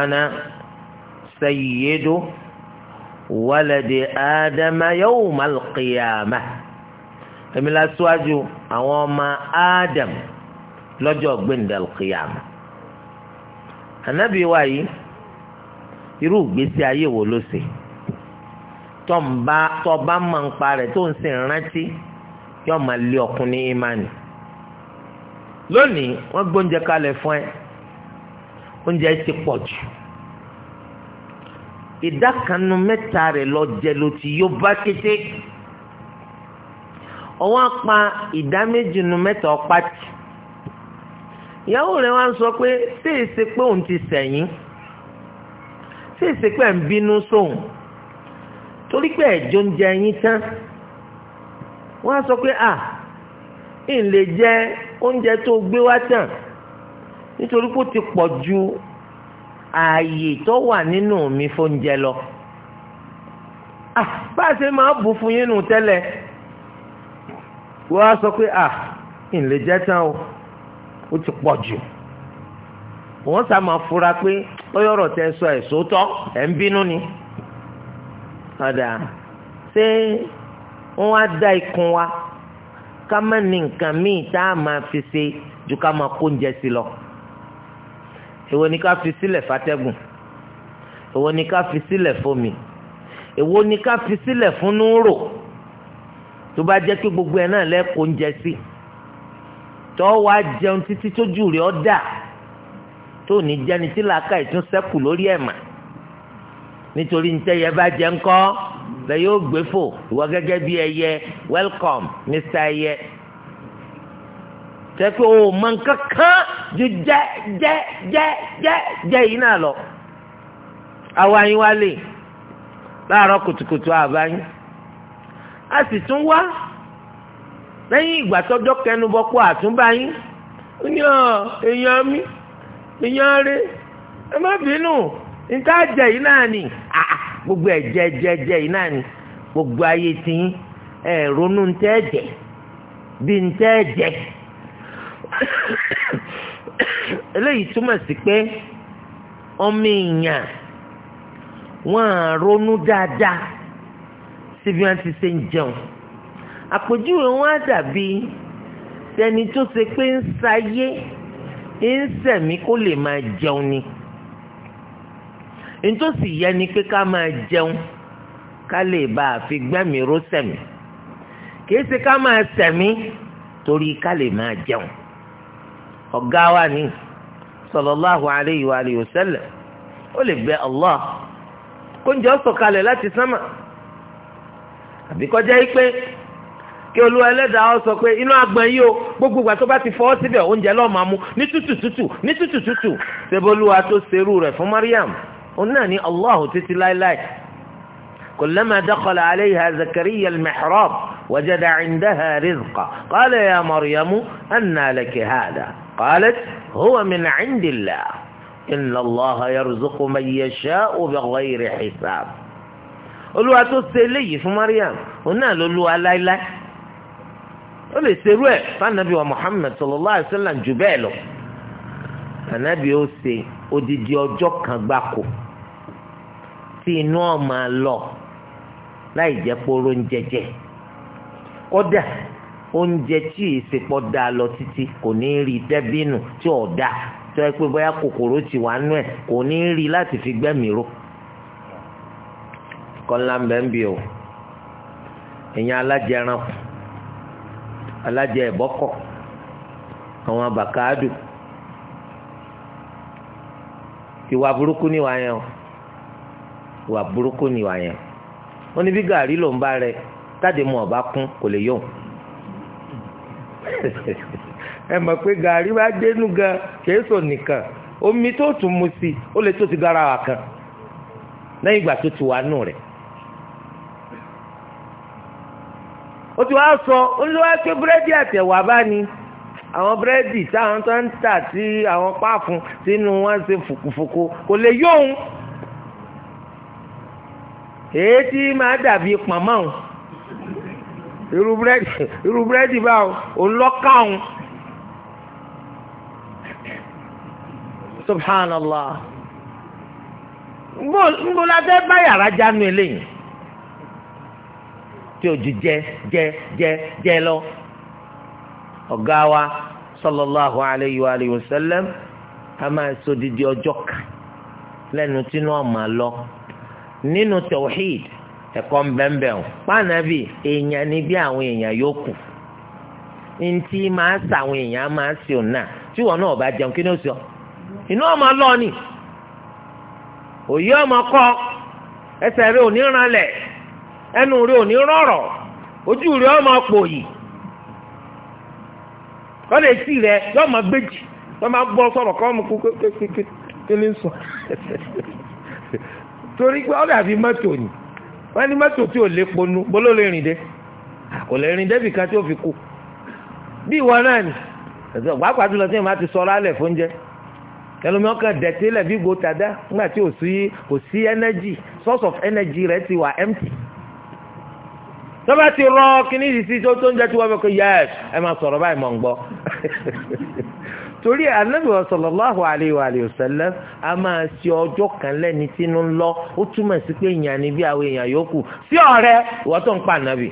ana sayyidu waladi adama yawmal qiyamah èmi la síwájú àwọn ọmọ adam lọ́jọ́ gbẹ̀ndẹ̀l qiyamah ànábì wa yìí irú ìgbésí ayé wo ló ṣe tọ́ba máa ń pa tó ń sìn rántí yóò máa lé ọkùnrin ìmánì lónìí wọ́n gbóúnjẹ kalẹ̀ fún ẹ oúnjẹ ti pọ̀ jù ìdá kanu mẹ́ta rẹ̀ lọ jẹ ló ti yó bá kété ọwọ́ apá ìdá méjì nu mẹ́ta ọ̀pátì ìyàwó rẹ̀ wá ń sọ pé ṣé èsì pé òun ti sẹ̀yìn ṣé èsì pé ń bínú sóun torí pé ẹ̀jọ̀ ń jẹ ẹyin tán wọ́n á sọ pé à ń lè jẹ oúnjẹ tó gbé wá tàn nítorí kó ti pọ̀ ju ààyè tó wà nínú mi fóúnjẹ lọ bá a ṣe máa bù fún yín nù tẹ́lẹ̀ wọ́n á sọ pé à ń lè jẹ tán o ó ti pọ̀ jù wọ́n sá máa fura pé ọyọ́rọ̀ tẹ sọ ẹ̀ sótọ́ ẹ̀ ń bínú ni ọ̀dà ṣé wọ́n á dá ikùn wa Kama má ní nǹkan míì tá a máa fi ṣe ju ká máa kó oúnjẹ sí lọ èwo ni ká fi sílẹ̀ fàtẹ́gùn èwo ni ká fi sílẹ̀ fómi èwo ni ká fi sílẹ̀ fún núrò tó bá jẹ́ pé gbogbo ẹ̀ náà lẹ́kọ̀ọ́ oúnjẹ sí tọ́ wá jẹun títí tójú rẹ̀ ọ́ dà tó ní jẹni tí làákà ìtún sẹ́kù lórí ẹ̀ mà nítorí ní tẹ́yẹ bá jẹ ńkọ́ lẹ yóò gbé fò ìwọ gẹ́gẹ́ bí mr ẹyẹ tẹ́kọ̀ o mọ ju je je je jẹ́ jẹ́ yìí náà lọ àwa yín wá lè a sì tún wá lẹ́yìn ìgbà tọ́jọ́ kẹnubọ pọ̀ àtúnbá yín ó ní èèyàn mi èèyàn gbogbo ẹ̀ jẹjẹjẹ yìí náà ni gbogbo ayé ti yín ẹ̀ ronú ń tẹ́ jẹ bí ń tẹ́ jẹ eléyìí túmọ̀ sí pé ọmọ èèyàn wọn à ronú dáadáa síbi wọn ti ṣe ń jẹun àpèjúwe wọn á dàbí tẹni tó ṣe pé ń sayé ń sẹ̀mí kó lè máa jẹun ni. nítòsí yẹ ni pé ká máa jẹun ká lè bá a fi gbẹ́mìí ró sẹ̀mí kìí ṣe ká máa sẹ̀mí torí ká lè máa jẹun ọ̀gá wa ni sallallahu alayhi wa alihi wa ó lè bẹ Allah kó ń jẹ́ ọ̀sọ̀kalẹ̀ láti sánmà àbí kọjá yìí pé kí olúwa ẹlẹ́dàá ọ sọ pé inú agbọ̀n yìí o gbogbo ìgbà tó bá ti fọwọ́ síbẹ̀ oúnjẹ lọ́ọ́ máa mú ní tútù tútù ní tútù tútù ṣe bó olúwa tó ṣerú rẹ̀ fún Mariam قلنا هناني الله تتي لاي لاي كلما دخل عليها زكريا المحراب وجد عندها رزقا قال يا مريم أنا لك هذا قالت هو من عند الله إن الله يرزق من يشاء بغير حساب قلوا أتسلي في مريم قلنا لولوا لاي لاي قلوا سروي فالنبي ومحمد صلى الله عليه وسلم جباله فالنبي أسي ودي ديو جوكا باكو tí inú ọmọ lọ láì jẹ́ poro ń jẹjẹ kódà oúnjẹ tí ìsèpọ̀ da lọ títí kò ní rí dẹ́bínù tí ò da tó yẹ pé bóyá kòkòrò ti wà nú ẹ̀ kò ní rí láti fi gbẹ́mìí ró kọ́ńlá ń bẹ́ ń bì o ẹ̀yin alájẹ ẹranko alájẹ ẹ̀bọ́kọ̀ àwọn abàkáàdù ìwà burúkú níwáyẹn o ìwà burúkú ni ìwà yẹn ó ní bí gàrí ló ń bá rẹ táde mu ọba kún kò lè yóò ẹ mọ̀ pé gàrí bá dénú gan kéésò nìkan omi tó tún mu sí ó lè tó ti garawa kan lẹ́yìn ìgbà tó ti wà nù rẹ̀. ó ti wá sọ olúwa pé búrẹ́dì àtẹ̀wà bá ní àwọn búrẹ́dì táwọn tó ń tà sí àwọn páàfù sínú wọn ṣe fùkùfùkù kò lè yóò èyí ma máa dàbí pàmò àwọn irú búrẹ́dì irú búrẹ́dì bá subhanallah nbó la bá yàrá jánu eléyìí tí o jẹ jẹ jẹ jẹ lọ sallallahu alayhi wa sallam a máa sọ didi kan tí lọ. nínú tawhid ẹkọ mbẹ́mbẹ́ o pàànàbì èèyàn ni àwọn èèyàn yòókù ntí máa sàwọn èèyàn máa si òun náà tí wọn náà bá jẹun kí ni ó sọ inú ọmọ lọ òye ọmọ kọ ẹsẹ̀ rẹ̀ ò ní ranlẹ̀ ẹnu rẹ̀ ò ní rọ̀rọ̀ ojú rẹ̀ ọmọ pòyì kọ́lé sí rẹ̀ yọ ọmọ wọ́n máa gbọ́ sọ̀rọ̀ kọ́ ọmọ kú kékeré kí ni sọ. torí pé ọ̀dà fi mọ́tò ni wọ́n ní mọ́tò tí ò lè ponú bóló lè rìn dé kò lè rìn débi kan tí ó fi kú bí ìwọ náà ni ẹ̀sọ́ pàápàá jùlọ tí èèyàn ti sọ̀rọ̀ alẹ̀ fún jẹ́ ẹlòmí ọkàn dẹ̀tílẹ̀ bí gòtàdá nígbà tí ò sí kò sí energy source of energy rẹ̀ ti wà empty tọ́ba ti rọ kíní ìdí sí tó ń jẹ́ tí wọ́n fẹ́ kó yẹ ẹ máa sọ̀rọ̀ báyìí mọ̀ ń gbọ́ torí anabi wa sallallahu alayhi wa alayhi wa sallam a máa ṣe ọjọ́ kan lẹ́ni tínú ńlọ ó túmọ̀ sí pé èèyàn ni bí àwọn èèyàn yòókù sí ọ̀rẹ́ ìwọ́n tó ń pa anabi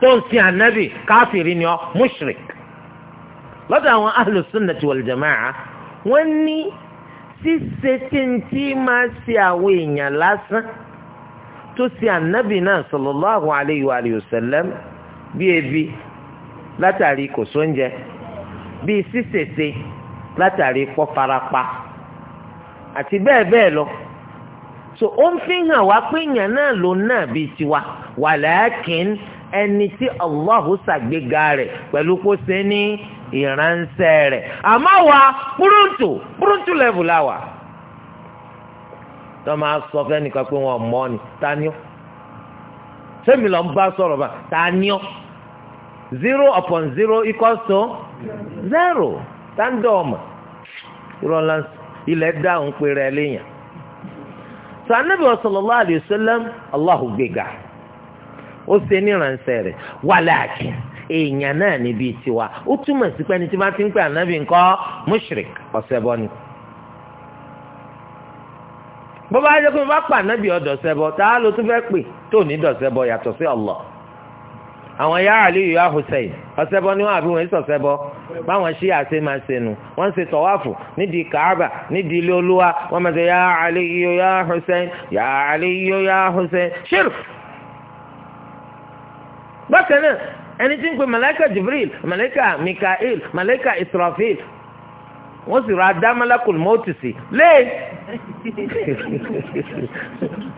tó ń sin anabi káfíìrì ni ọ mushrik lọ́dọ̀ àwọn ahlu sunnati wọ́n ní ṣíṣe tí ń tí máa ṣe àwọn èèyàn lásán tó ṣe anabi náà sallallahu alayhi wa bí ebi látàrí kò sóúnjẹ bíi sísèse látàrí pọ́ farapa àti bẹ́ẹ̀ bẹ́ẹ̀ lọ so ó ń fi hàn wá pé èèyàn náà ló náà bíi tiwa wàlákìn ẹni tí Allahu ṣàgbéga rẹ̀ pẹ̀lú kó ṣe ní ìránṣẹ́ rẹ̀ àmọ́ wa púrúǹtù púrúǹtù lẹ́vù la wà tó máa sọ fẹ́nìkan pé wọ́n mọ́ ni taniọ́ sẹ́mi lọ́n bá sọ̀rọ̀ bá taniọ́ zero upon zero equals to. zero táǹdọ̀ ọmọ ilẹ̀ dáhùn péré ẹ léèyàn sọ anábì sallallahu gbéga ó ṣe níranṣẹ́ rẹ̀ wàláàkì èèyàn náà níbi tiwa ó túmọ̀ sí pé ẹni tí ti ń pè ànábì ńkọ́ mushrik ọ̀sẹ̀bọ ni bó bá yẹ kó bá pa ànábì ọ̀dọ̀sẹ̀bọ tá a fẹ́ pè tó ní yàtọ̀ àwọn yá Aliyu yá Hussein ọ̀sẹ́bọ ni wọ́n àbí wọ́n sọ̀sẹ́bọ báwọn ṣí àṣẹ máa ṣẹnu wọ́n ṣe tọ̀wáfù nídìí Kaaba nídìí ilé olúwa wọ́n máa ṣe Ya Aliyu yá Hussein Ya Aliyu Ya Hussein ṣírù. bákan náà ẹni tí ń pe màláíkà Jibril màláíkà Mikael màláíkà Israfil wọ́n sì ra dámọ́lákùn mọ́tì sí léè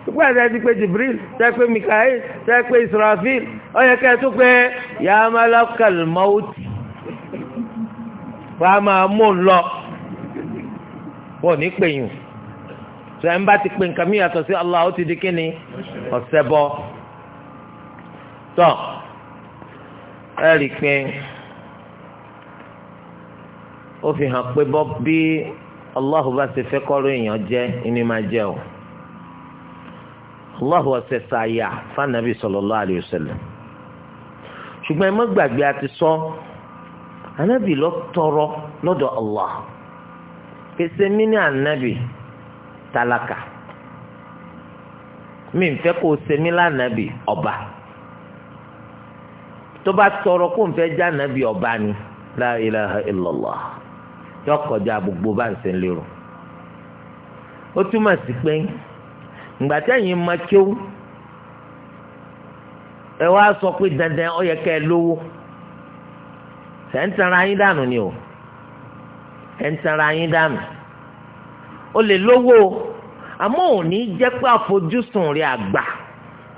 gbogbo àti ẹni pé Jibril tẹ́ pé Mikael tẹ́ pé Israfil ó yẹ kẹ́ ẹ tó pé yàmọ́lákùn mọ́tì wàá máa mú un lọ wọ́n ní pè yùn tó ẹ̀ ń bá ti pè nǹkan mí yàtọ̀ sí Allah ó ti di kíni ọ̀sẹ̀ bọ́ tọ́ ẹ rí i pé. ó fi hàn pé bọ́ bí Allahu bá ṣe fẹ́ kọ́rọ́ èèyàn jẹ́ ẹni ma jẹ́ o Allahu ọ̀sẹ̀ ṣàyà fànàbí sallallahu alayhi ṣùgbọ́n ẹ gbàgbé àti sọ anábì lọ tọrọ lọ́dọ̀ Allah pèsè mí ní anábì tálákà mi fẹ́ ọba tó tọrọ kó n fẹ́ ọba ni la yọ kọjá gbogbo bá ń sẹ́ lérò ó túmọ̀ sí pé ngbàtẹ́yìn máa kíó ẹ wá sọ pé dandan ó yẹ ká ẹ lówó sẹ́ńtara yín dànù ni o ẹ̀ńtara yín dànù o lè lówó o àmọ́ ò ní jẹ́ pé àfojúsùn rẹ̀ àgbà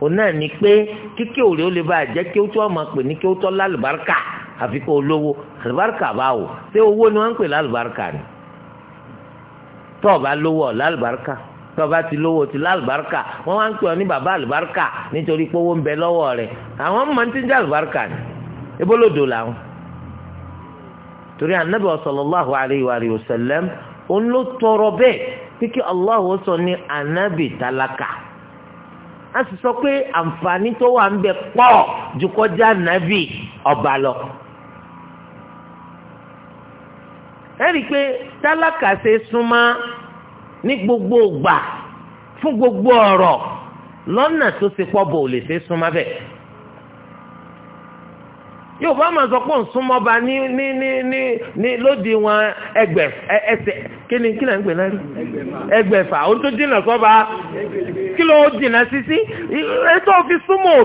òun náà ni pé kíkẹ́ òrè ó lè bá jẹ́ kí ó tó ọmọ pè ní kí ó tọ́ lálùbáríkà àfikún olówó àlùbáríkà báwo ṣé owó ni wọ́n ń pè lálùbáríkà ni tọ́ọ̀bá lówó ọ̀ lálùbáríkà tọ́ọ̀bá ti lówó ti lálùbáríkà wọ́n wá ń pè ọ́ ní bàbá àlùbáríkà nítorí pé ń bẹ lọ́wọ́ rẹ̀ àwọn mọ̀ ní ti ń jẹ́ àlùbáríkà ni ebólódò làwọn torí anabi sallallahu alayhi wa alihi wa sallam òun ló tọrọ bẹ́ẹ̀ kíkí allah sọ ní anabi tálákà a sì sọ pé àǹfààní tó wà ń bẹ pọ̀ jù kọjá anabi ọba lọ. ẹ rí pé tálákà ṣe súnmọ́ ní gbogbo ọgbà fún gbogbo ọ̀rọ̀ lọ́nà tó ṣe pọ̀ bò lè ṣe súnmọ́ bẹ́ẹ̀ yóò bá máa sọ pé òun súnmọ́ ba ní ní ní ní ní lóde wọn ẹgbẹ̀ ẹsẹ̀ kí ni kí náà ń náà rí ẹgbẹ̀fà òun tó dínà sọ́ba kí ló dínà sísí ètò òfin súnmọ́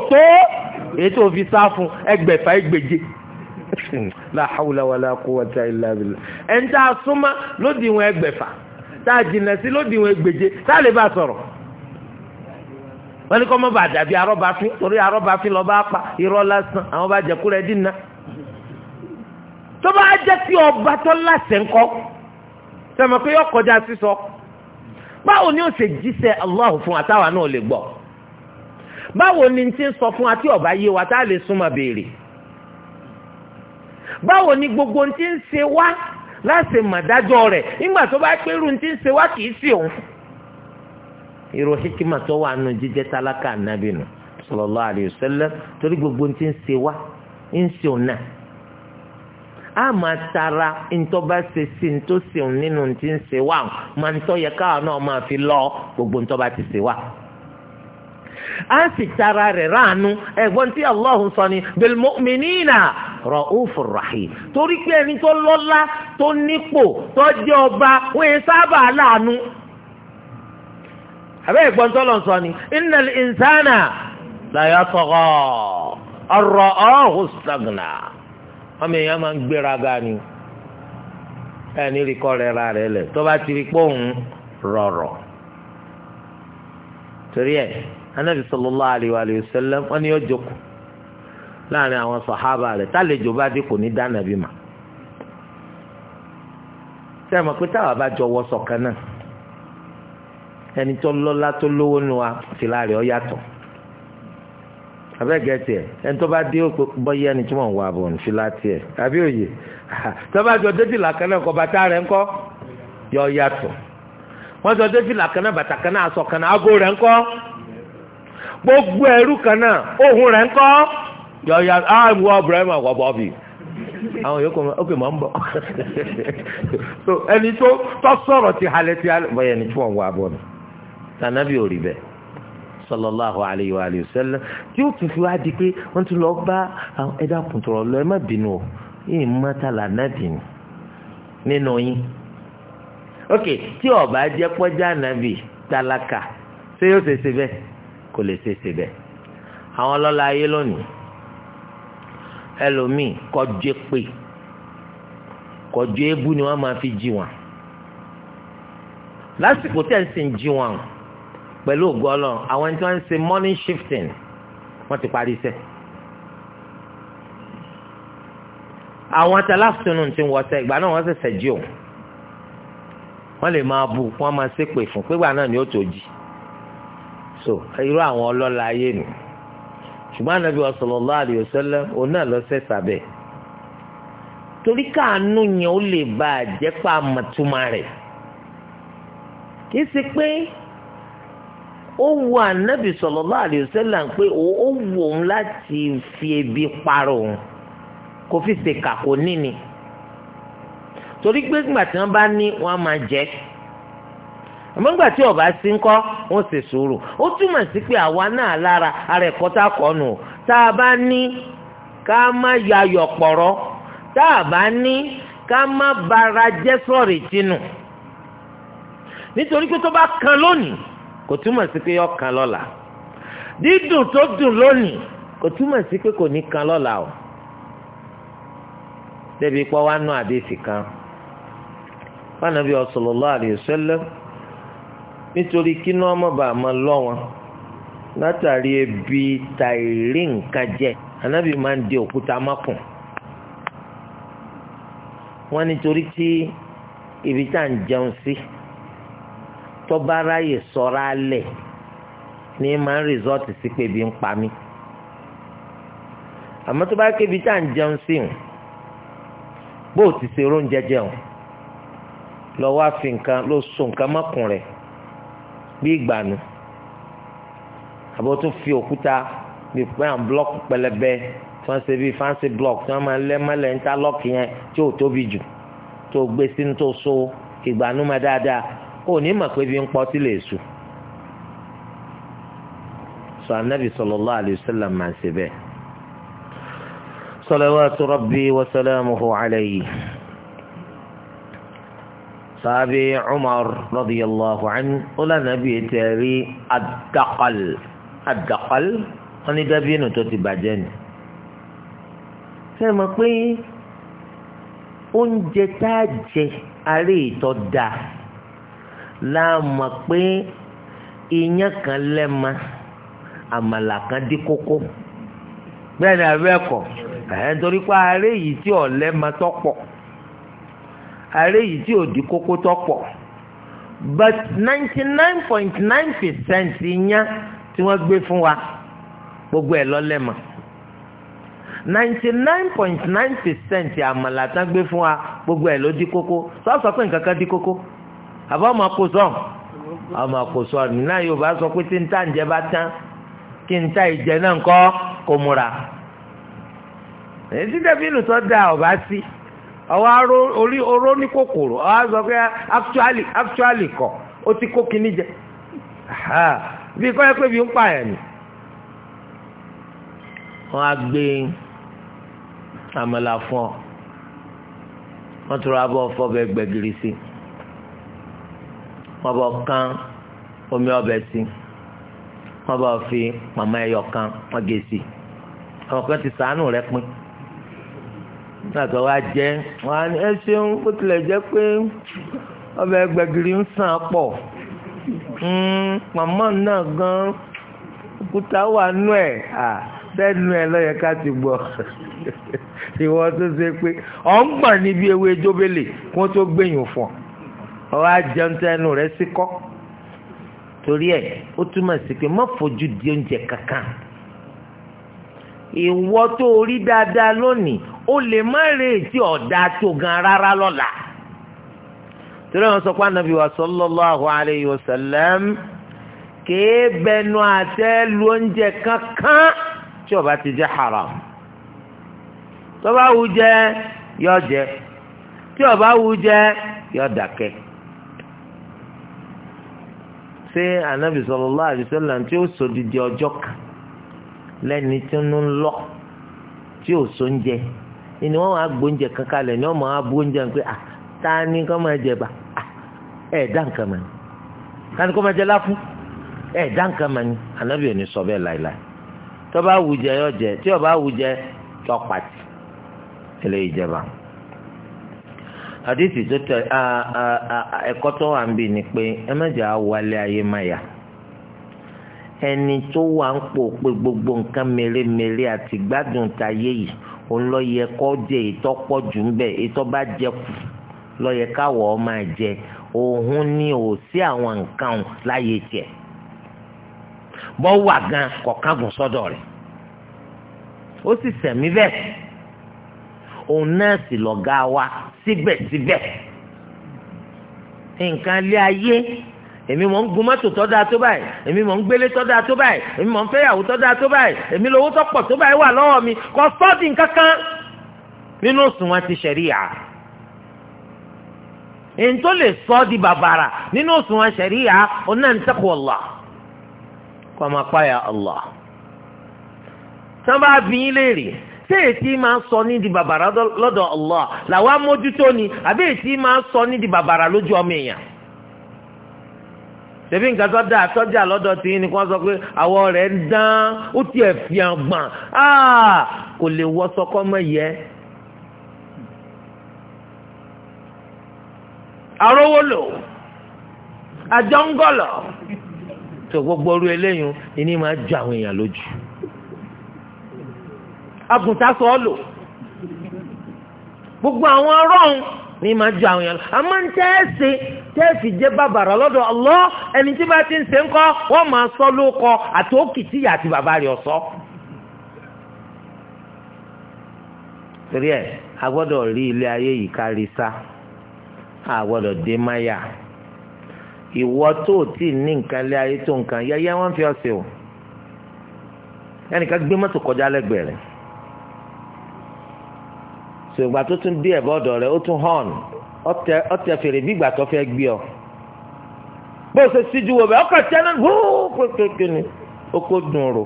la hawla wala quwwata illa billah ẹni tá a súnmọ́ lódì wọn ẹgbẹ̀fà tá a jìnnà sí lódì wọn ẹgbẹ̀je tá a lè bá sọ̀rọ̀ wọ́n ní kọ́ mọ́ bá dàbí arọ́bàfin torí arọ́bàfin lọ́ọ́ bá pa irọ́ lásán àwọn bá jẹ kúrẹ́ dínà tó bá jẹ́ tí ọba tó láṣẹ ńkọ́ sẹ́mi pé yọ kọjá sísọ báwo ni ó ṣe jíṣẹ́ Allah fún àtàwọn náà lè gbọ́ báwo ni ti sọ fún wa ọba yé wa tá a lè súnmọ́ báwo ni gbogbo ń ti ń ṣe wá láti mọ̀dájọ́ rẹ̀ nígbà tó bá pẹ́rù ń ti ń ṣe wá kì í sí òun. irú hikima tó wà nù jíjẹ́ tálákà ànábì nù sallallahu alayhi torí gbogbo ń ti ń ṣe wá ń ṣe òun náà. a máa tara ntọ́ba ṣe sí ntọ́sẹ̀ nínú ti ń ṣe wá máa ń tọ́ yẹ káwọn náà máa fi lọ gbogbo ntọ́ba ti se wá. á sì tara rẹ̀ ráàánú ẹ̀gbọ́n tí Allah sọ ni bil mu'minina ra'ufur rahim torí pé ẹni tó lọ́lá tó nípò tó jẹ́ ọba wọ́n yẹn sábà láàánú. àbẹ́ ẹ̀gbọ́n tó lọ sọ ni innal insana la yatgha arra'ahu istaghna ọmọ èèyàn máa ń gbéraga ni ẹni rí kọ́ ra rẹ̀ lẹ̀ tó bá ti rí pọ́ùn rọ̀rọ̀ torí ẹ̀ anabi sallallahu alayhi wa sallam wọn ni láàrin àwọn sàhábà rẹ̀ tálejò bá dé kò ní dá nàbí mà sẹ mọ̀ pé táwa bá jọ wọṣọ kan náà ẹni tó lọ́lá tó lówó nu wa fìlà rẹ̀ ó yàtọ̀ abẹ́gẹ́ tiẹ̀ ẹni tó bá dé bọ́yé ẹni tí wọ́n wà bọ̀ ní tiẹ̀ àbí òye tó bá jọ kan náà kọ bàtà yọ wọ́n jọ kan náà bàtà kan náà kan náà ago rẹ gbogbo ẹrú kan náà ohun rẹ̀ ń kọ́ yọ̀ọ̀yà àìwọ ah, Ibrahim àwọ̀bọ̀bì àwọn yòókù mi ok mọ̀ ń bọ̀ so ẹni tó tọ́ sọ̀rọ̀ ti halẹ̀ ti halẹ̀ bọ́yẹ̀ ni tí wọ́n wá bọ̀ ni tànàbí ò rí bẹ́ẹ̀ sallallahu alayhi wa alayhi wa sallam tí ó tún fi wá di pé wọ́n tún lọ bá ẹ̀dá kùntùrọ̀ lọ ẹ má bínú o yìí mọ́ta lànàbì nínú yín ok tí ọba jẹ́ pọ́jà nàbì tálákà ṣé yóò ṣe ṣe bẹ́ẹ̀ kó lè ṣe ṣe bẹ́ẹ̀ àwọn ọlọ́lá ayé lónìí ẹlòmíì kọjú pé kọjú ebú ni wọ́n máa fi jí wọn lásìkò tẹ̀sí ń jí wọn pẹ̀lú ògo Ọlọ́run àwọn ẹni tí wọ́n ń ṣe morning shifting wọ́n ti parí iṣẹ́ àwọn ataláfùtúnù ti ń wọṣẹ́ ìgbà náà wọ́n ṣẹ̀ṣẹ̀ jí òun wọ́n lè máa bú wọ́n máa ṣépè fún pé ìgbà náà ni ó tó jí so irú àwọn ọlọ́lá ayé nù ṣùgbọ́n anabi sallallahu alayhi wa sallam òun náà lọ sẹ́ sàbẹ̀ torí káànú yẹn ó lè bá a jẹ́ pa àmọ̀túmọ̀ rẹ̀ kì í ṣe pé ó wu anabi sallallahu alayhi wa sallam pé ó wù òun láti fi ebi parọ́ òun kò fi ṣèkà kò níni torí pé gbàtí wọ́n bá ní wọ́n á máa jẹ́ kí. àmọ́ nígbà tí ọba sí ń kọ́ wọ́n ṣe sùúrù ó túmọ̀ sí pé àwa náà lára ara ẹ̀kọ́ tá a kọ́ nù tá a bá ní ká má yayọ̀ pọ̀rọ̀ tá a bá ní ká má bara jẹ́ sọ̀rì tinú nítorí pé tó bá kan lónìí kò túmọ̀ sí pé yọ kan lọ́la dídùn tó dùn lónìí kan lọ́la o débi pọ́ wá àdéhìí kan nítorí kí ní ọmọ bàá máa lọ wọn látàrí ebi tàìrí nǹkan jẹ anábì máa ń di òkúta mákùn wọn nítorí tí ibi tá à ń jẹun sí tọ́ba ráyè sọ́ra lẹ̀ ní máa ń rìsọ́ọ̀tì sí pé ebi ń pa mí àmọ́ tó bá kébi tá à ń jẹun sí o bó ṣe oúnjẹ jẹun lọ́wọ́ àfi nǹkan ló so nǹkan mọ́kùn rẹ̀ bí ìgbànú àbí ó tún fi òkúta bí pẹ́yàn blọ́ọ̀kì pẹlẹbẹ tí wọ́n ṣe bí fancy block tí wọ́n máa lẹ́ mọ́lẹ̀ ń ta lọ́ọ̀kì yẹn tí ò tóbi jù tó gbé sínú so igbanu mọ́ dáadáa o ní mọ̀ pé bí ń pọ́ sí lè sùn sọ anabi sallallahu alayhi wa sallam máa ń ṣe sàábì Umar radiyallahu anhu ó lànàbí ètò ẹ̀rí adakal adakal wọn ní dábìínù tó ti bàjẹ́ ni. ṣé mo pé oúnjẹ tá a jẹ aré ìtọ́ da láàmọ̀ pé iyán kan lẹ́ẹ̀ma àmàlà kan dín kókó bẹ́ẹ̀ ni àbẹ́ ẹ̀kọ́ ẹ̀ ń pé aré yìí tí ọ̀lẹ́ ma tọ́ àárẹ̀ yìí tí ò di kókó tó pọ̀ but ninety nine point nine percent iyán tí wọ́n gbé fún wa gbogbo ẹ̀ lọ́lẹ́mọ̀ ninety nine point nine percent àmàlà tán gbé fún wa gbogbo ẹ̀ ló di kókó sọ́sọ́ pé nǹkan kan di kókó àbá ọmọ kò sọ ọmọ kò sọ nínú Yorùbá sọ pé tí ń tà ń bá tán kí n ta ìjẹ náà ń kọ́ kò múra èyí tí dẹ́bí ìlú tó dáa ọ̀bá sí. Si ọwọ́ orí oró ní kòkòrò ọwọ́ sọ pé actually actually kọ̀ ó ti kó kíní jẹ bí kọ́ ẹ pé bí ń pààyàn ni wọ́n á gbé àmàlà fún ọ wọ́n tún ra bọ́ fọ́bẹ̀ gbẹ̀gìrì sí wọ́n bọ̀ kán omi ọbẹ̀ sí wọ́n bọ̀ fi màmá ẹyọ kan wọ́n gé sí ọ̀kan ti sàánù rẹ pín nàtọ̀ wa jẹ́ wọn á ní ẹ ṣeun bó tilẹ̀ jẹ́ pé ọbẹ̀ gbẹ̀gìrì ń sàn pọ̀ màmá náà gan òkúta wà nú ẹ̀ sẹ́nu ẹ̀ lọ́yẹ ká ti gbọ́ ìwọ tó ṣe pé ọ̀ ń gbọ̀n níbi ewé jóbélé kó tó gbẹ̀yìn fún ọ wá jẹun tẹnu rẹ sí kọ́ torí ẹ̀ ó túmọ̀ sí pé má fojú di oúnjẹ kankan ìwọ tó rí dáadáa lónìí ó lè má retí ọ̀dà tó gan rárá lọ́la. torí wọn sọ pé anabi wa sallallahu alayhi wa sallam kèé bẹnu àtẹ́ lu oúnjẹ kankan tí ó bá ti jẹ́ haram tó bá wù jẹ yọ jẹ tí ọba bá wù jẹ yọ dákẹ́ ṣé anabi sallallahu alayhi wa sallam tí ó sọ didi ọjọ́ kan. lẹ́ni tí ń lọ tí ò sóúnjẹ ni wọ́n wàá gbóúnjẹ kankan lẹ̀ ni wọ́n máa bú oúnjẹ pé ah, ta ni kọ́ máa jẹ bá ah, ẹ̀ dá nǹkan mọ̀ ni ta ni kọ́ máa jẹ láfún ẹ̀ dá nǹkan mọ̀ ni sọ bẹ́ẹ̀ láìláì tó bá wù jẹ yọ jẹ tí ó bá wù jẹ tó pàtì eléyìí jẹba. àdìsí tó tẹ ẹkọ tó wà ń bì ni pé ẹ má jẹ́ alẹ́ ẹni tó wà ń pò pé gbogbo nǹkan mèremère àti gbádùn tayé yìí òun lọ yẹ kó jẹ ètò pọ̀ jù ń bẹ̀ ètò bá jẹ kù lọ yẹ káwọ̀ ọ́ máa jẹ òun ni ò sí àwọn nǹkan láyé jẹ bọ́ wà gan kọ̀ọ̀kágùn sọ́dọ̀ rẹ̀ ó sì sẹ̀mí bẹ́ẹ̀ òun náà sì lọ̀gá wa síbẹ̀síbẹ̀ nǹkan lé ayé èmi mò ń gun mọ́tò tó dáa tó báyìí èmi mò ń gbélé tó dáa tó báyìí èmi mò ń fẹ́yàwó tó dáa tó báyìí èmi lówó tó pọ̀ tó báyìí wà lọ́wọ́ mi kò sọ́ọ̀dì kankan nínú òṣùwọ̀n ti ṣẹ̀ríyà èyí tó lè sọ di bàbàrà nínú òṣùwọ̀n ṣẹ̀ríyà ọ̀nà ń Allah kọ́ máa páyà Allah tí wọ́n bá bí yín léèrè ṣé ètí máa ń sọ ní di bàbàrà lọ́dọ̀ Allah làwọn amójútó ni àbí ètí máa ń sọ ní di bàbàrà lójú ọmọ èèyàn tẹ̀bí nǹkan tó dáa tọ́jà lọ́dọ̀ tí ní kí wọ́n sọ pé àwọ̀ rẹ̀ ń dán ó tiẹ̀ fi hàn gbọ̀n ah! kò lè wọ sọkọ́ mọ́ yẹ. arówó lò àjọngọlọ tó gbogbo oru eléyìí ìní máa jọ àwọn èèyàn lójú àgùntà sọ ọ lò gbogbo àwọn ọrọ̀ ní máa jọ àwọn èèyàn lójú àmọ́ ń tẹ́ ẹ́ ṣe tẹ́ẹ̀fì jẹ́ bàbàrà lọ́dọ̀ Allah ẹni tí bá ti ń ṣe ń kọ́ wọ́n máa sọ ló kọ àti òkìtì àti bàbá rẹ̀ torí ẹ a gbọ́dọ̀ rí ilé ayé yìí kárí sá a gbọ́dọ̀ dé máyà ìwọ tó tí ní nǹkan ilé ayé tó nǹkan yẹyẹ wọn fi ọsẹ o ẹnìkan gbé mọ́tò kọjá lẹ́gbẹ̀ẹ́ rẹ̀ ṣùgbọ́n tó tún dé rẹ̀ ó ọtẹ fèrè bígbà tó fẹ́ gbé ọ bó o ṣe síjú wo bẹ ọkọ tẹ náà hóó kékeré ni ó kó dùn rò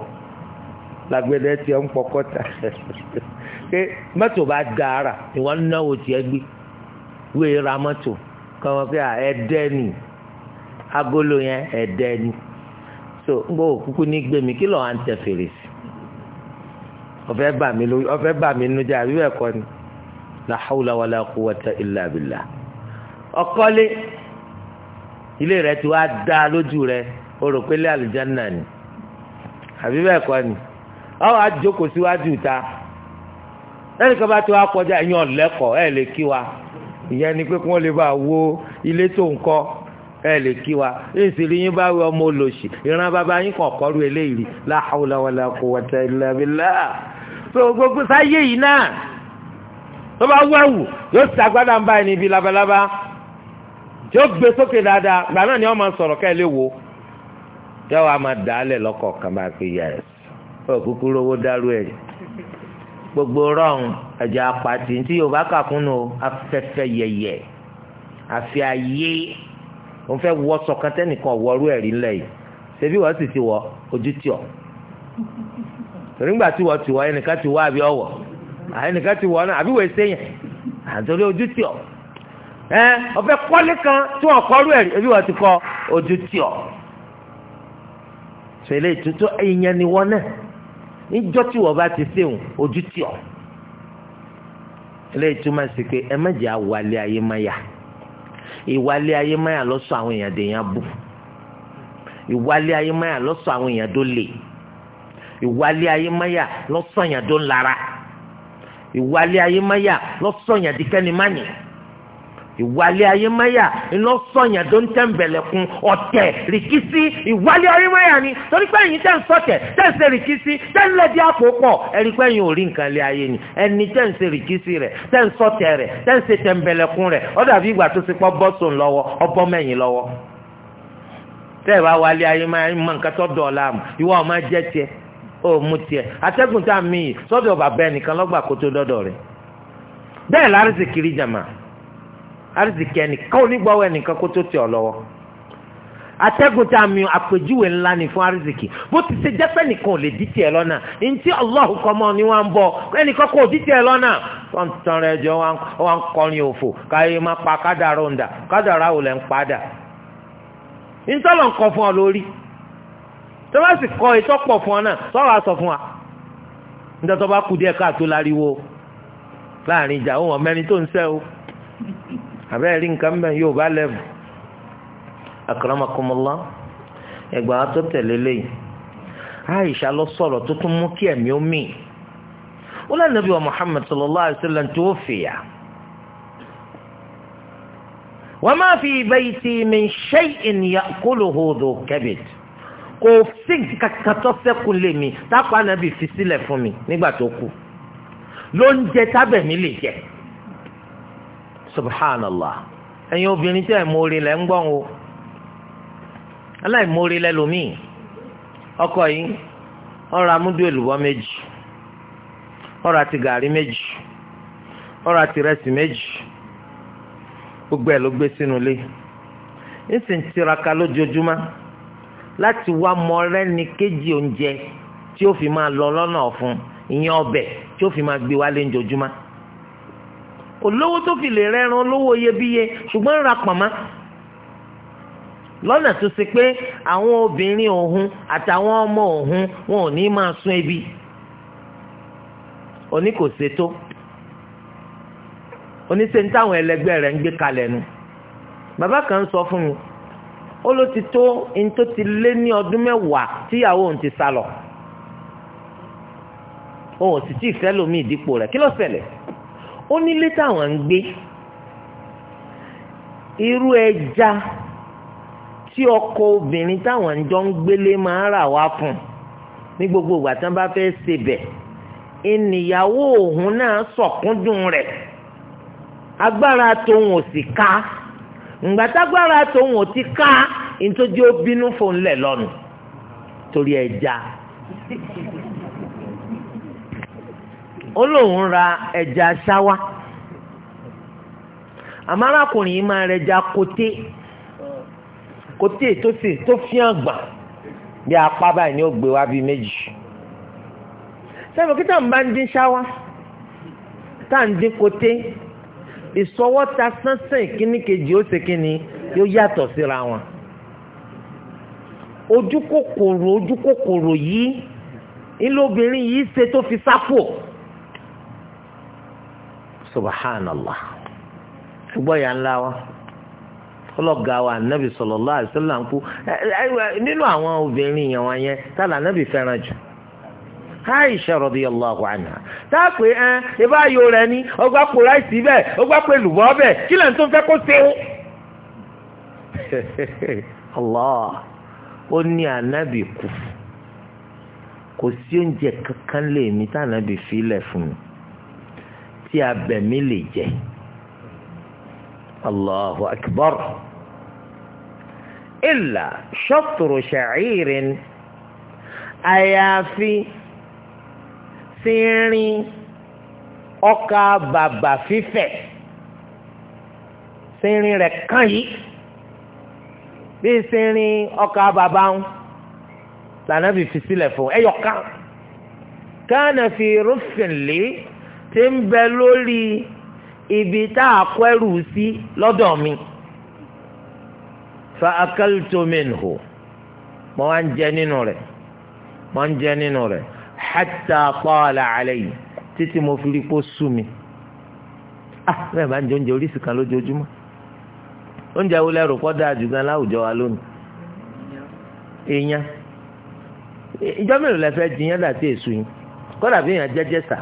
làgbẹ̀dẹ tiẹ̀ ń pọkọ ta pé mọ́tò bá da ara ìwọ ń náwó tiẹ̀ gbé wíì e ra mọ́tò kọ́ wọn pé ẹ̀dẹ́ ni agolo yẹn ẹ̀dẹ́ ni so ń gbọ́ òkúkú ní gbẹ̀mí kí lọ́ọ́ à ń tẹ fèrè sí ọ̀fẹ́ bà mí lórí ọ̀fẹ́ bà mí nú jẹ́ àbí bẹ́ẹ̀ ni la hawla wala quwwata illa billah ọkọ́lé ilé rẹ̀ ti wá dá lójú rẹ̀ o rò pé lé àlùjáná ni àbí bẹ́ẹ̀ kọ́ ni ọ̀hún àjòkó síwájú ta lẹ́yìn kan bá ti wá kọjá ẹ̀yin ọ̀lẹ́kọ̀ọ́ ẹ̀ lè kí wa ìyẹn ni pé kí wọ́n lè bá wo ilé tó ń kọ́ ẹ lè kí wa ìsìlì yín bá wí ọmọ olóṣì ìran bàbá yín kàn kọ́rù eléyìí la hawla wala quwwata illa billah gbogbo sáyé yìí náà tó bá wú yóò ti agbádá ń báyìí níbi labalábá tí ó gbé sókè dáadáa gbà náà ni wọ́n máa sọ̀rọ̀ káyọ̀ lè wò yóò wá máa dà á lẹ̀ lọ́kọ̀ọ̀kan bá gbogbo rọrùn ẹ̀jẹ̀ apàtì tí yorùbá kà kúnnù afẹ́fẹ́ yẹyẹ àfi ayé òun fẹ́ wọ sọ̀kan tẹ́nìkan wọ́ọ́rú wọ ojú tì tí wọ́n ti wọ ẹnìkan ti àyẹnìkan ti wọ̀ náà àbí wọ́n ṣe yẹn àtòrí ojú tì ọ́ ẹ ọ̀fẹ́ kọ́lé kan tí wọ́n kọ́rú ẹ̀rí ẹbí wọ́n ti kọ́ ojú tì ọ́ fẹlẹ́ ìtútù ẹ̀yẹn ni wọ́n náà níjọ́ tí wọ́n bá ti sèwọ̀n ojú tì ọ́ eléyìí túmọ̀ sí pé ẹ má jẹ́ àwálé ayé má yà ìwálé ayé má yà lọ́sọ̀ àwọn èèyàn dèèyàn bù ìwálé ayé má lọ́sọ̀ àwọn èèyàn dó lè ìwálé ayé má yà lọ́sọ̀ èèyàn dó ńlára ìwálé ayé máyà lọ́sọ̀yàn dikẹ́ni mányì ìwálé ayé máyà lọ́sọ̀yàn tó ń kun ọ̀tẹ̀ rìkísí ìwálé ayé máyà ni torí pé ẹ̀yin tẹ̀ ń sọ̀tẹ̀ tẹ̀ ń ṣe rìkísí tẹ̀ ń lẹ́dí àpò pọ̀ ẹ̀rí pé ẹ̀yin ò rí nǹkan lé ayé ni ẹni tẹ̀ ń ṣe rìkísí rẹ̀ tẹ̀ ń sọ̀tẹ̀ rẹ̀ tẹ̀ ń ṣe tẹ̀m̀bẹ̀lẹ̀kun rẹ̀ ó dàbí ìgbà tó ṣe pọ́ bọ́sùn lọ́wọ́ ọbọ̀ mẹ́yìn lọ́wọ́ tẹ́ẹ̀ bá wálé ayé máa ń ó mú tiẹ̀ atẹ́gùn tá a mí yìí sọ́dọ̀ bàbá ẹnìkan lọ́gbà kó tó dọ́dọ̀ rẹ̀ bẹ́ẹ̀ lárísì kiri jàmà lárísì kí ẹnìkan onígbọ́wọ́ ẹnìkan kó tó tẹ̀ ọ́ lọ́wọ́ atẹ́gùn tá a mí àpèjúwe ńlá ni fún àrísìkì bó ti ṣe jẹ́pẹ́ nìkan ò lè dí tiẹ̀ lọ́nà ntí Allah kọ́ ni wọ́n ń bọ̀ ẹnìkan kò dí tiẹ̀ lọ́nà wọ́n ń tan rẹ̀ jọ wọ́n ń kọrin òfò káyé má pa kádàrá òǹdà tó bá sì kọ ètò pọ̀ fún ọ náà sọ̀rọ̀ àsọ fún wa níta tó bá kú díẹ̀ káàtó láriwo láàrin ìjà òun ọ̀mẹ́rin tó ń sẹ́ o àbẹ́rẹ́ rí nǹkan mẹ́rin yóò bá lẹ́bù akramakumullah ẹgbà tó tẹ̀lé lẹ́yìn Aisha lọ sọ̀rọ̀ tó tún mú kí ẹ̀mí ó mì ó lẹ́nu Nabi wa Muhammad sallallahu alaihi wasallam tó fìyà wa ma fi bayti min shay'in ya'kuluhu dhu kabid. kò sí kankan tó sẹ́kù lé mi tápá ànábì fi sílẹ̀ fún mi nígbà tó kù. ló ń jẹ tábẹ̀mí lè jẹ subhanallah ẹ̀yin obìnrin tí ẹ̀ mórí lẹ́ ń gbọ́n o aláìmórí lẹ́ lomi ọkọ yìí ọ̀rọ̀ amúdú èlùbọ́ méjì ọ̀rọ̀ àti gàrí méjì ọ̀rọ̀ àti rẹsì méjì gbogbo ẹ̀ ló gbé sínú ilé ń sì ń tiraka lójoojúmọ́. láti wá mọ̀rẹ́ni kéjì oúnjẹ tí ó fi máa lọ lọ́nà ọ̀fun ìyẹn ọbẹ̀ tí ó fi máa gbé wálé ńjojúmọ́ olówó tó fi lè rẹ́ran olówó iyebíye ṣùgbọ́n ń ra pàmò lọ́nà tó ṣe pé àwọn obìnrin òun àtàwọn ọmọ òun wọn ò ní máa sún ebi òní kò ṣètò oníṣẹ́ ní táwọn ẹlẹgbẹ́ rẹ̀ ń gbé kalẹ̀ nu bàbá kan sọ fún mi ó ló ti tó ní tó ti lé ní ọdún mẹ́wàá tíyàwó òun ti sá lọ òun ò sì tí ì fẹ́ lómi ìdípò rẹ̀ kí ló ṣẹlẹ̀ ó nílé táwọn ń gbé irú ẹja tí ọkọ obìnrin táwọn ń jọ ń gbélé máa rà wá fún ní gbogbo ìgbà tí wọ́n bá fẹ́ ṣe bẹ̀ ènìyàwó òun náà sọ̀kúndùn rẹ̀ agbára tóun ò sì ká ngbàtàgbára tòun ò ti ká ntójú ó bínú fòun lẹ̀ lọ́nu torí ẹja ó lóun ra ẹja ṣáwá àmọ́ arákùnrin yìí máa rẹja kòté kòté tó sì tó fi hàn gbà bí apá báyìí ni ó gbé wá bíi méjì sẹ́nu kí táwọn bá ń dín ṣáwá táwọn ń dín kòté. ìsọwọ́ta sánsán ìkíníkejì ó ṣe kíni yóò yàtọ̀ síra wọn ojúkòkòrò yìí ńlọbìnrin yìí ṣe tó fi sápò subhanallah ṣùgbọ́n ya ńlá wa ọlọ́gá wa anabi sallallahu alaihi wasallam ń kú nínú àwọn obìnrin yẹn yẹn tá lànà fẹ́ràn jù. Aisha radiyallahu anha táàpé ẹ ibà yóò rẹ ní ọgbà pò ráìsì bẹ́ẹ̀ ọgbà pò èlùbọ́ bẹ́ẹ̀ kí lẹ́nu tó fẹ́ Onye ṣe é. Allah ó ní ànábì kù kò sí oúnjẹ kankan lè mi tá ànábì filẹ̀ fún mi tí abẹ̀mí lè jẹ Allahu akbar illa shatru sha'irin tínrín ọkà bàbà fífẹ̀ tínrín rẹ̀ kàn yìí bí tínrín ọkà bàbá ń lànàbì fi sílẹ̀ fún ẹyọ kan kánà fi rúfin lé tí ń bẹ lórí ibi tá a kó ẹrù sí lọ́dọ̀ mi fa akaltu minhu mo wá ń jẹ nínú rẹ̀ mo ń jẹ nínú rẹ̀. hatta ala yi títí mo fi rí kó mi ah bẹ́ẹ̀ bá ń jẹ oúnjẹ oríṣi kan lójoojúmọ́ oúnjẹ wo lẹ́rù kọ́ dáa jù gan láwùjọ wa lónìí èèyàn ìjọ mélòó lẹ fẹ́ jiyàn dàtí èso yìí kọ́dà bí èèyàn jẹ́jẹ́ sà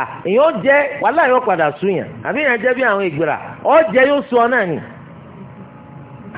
ah, èèyàn ó jẹ́ wàhálà yóò padà sú yàn àbí èèyàn jẹ́ bí àwọn ìgbéra ó jẹ́ yóò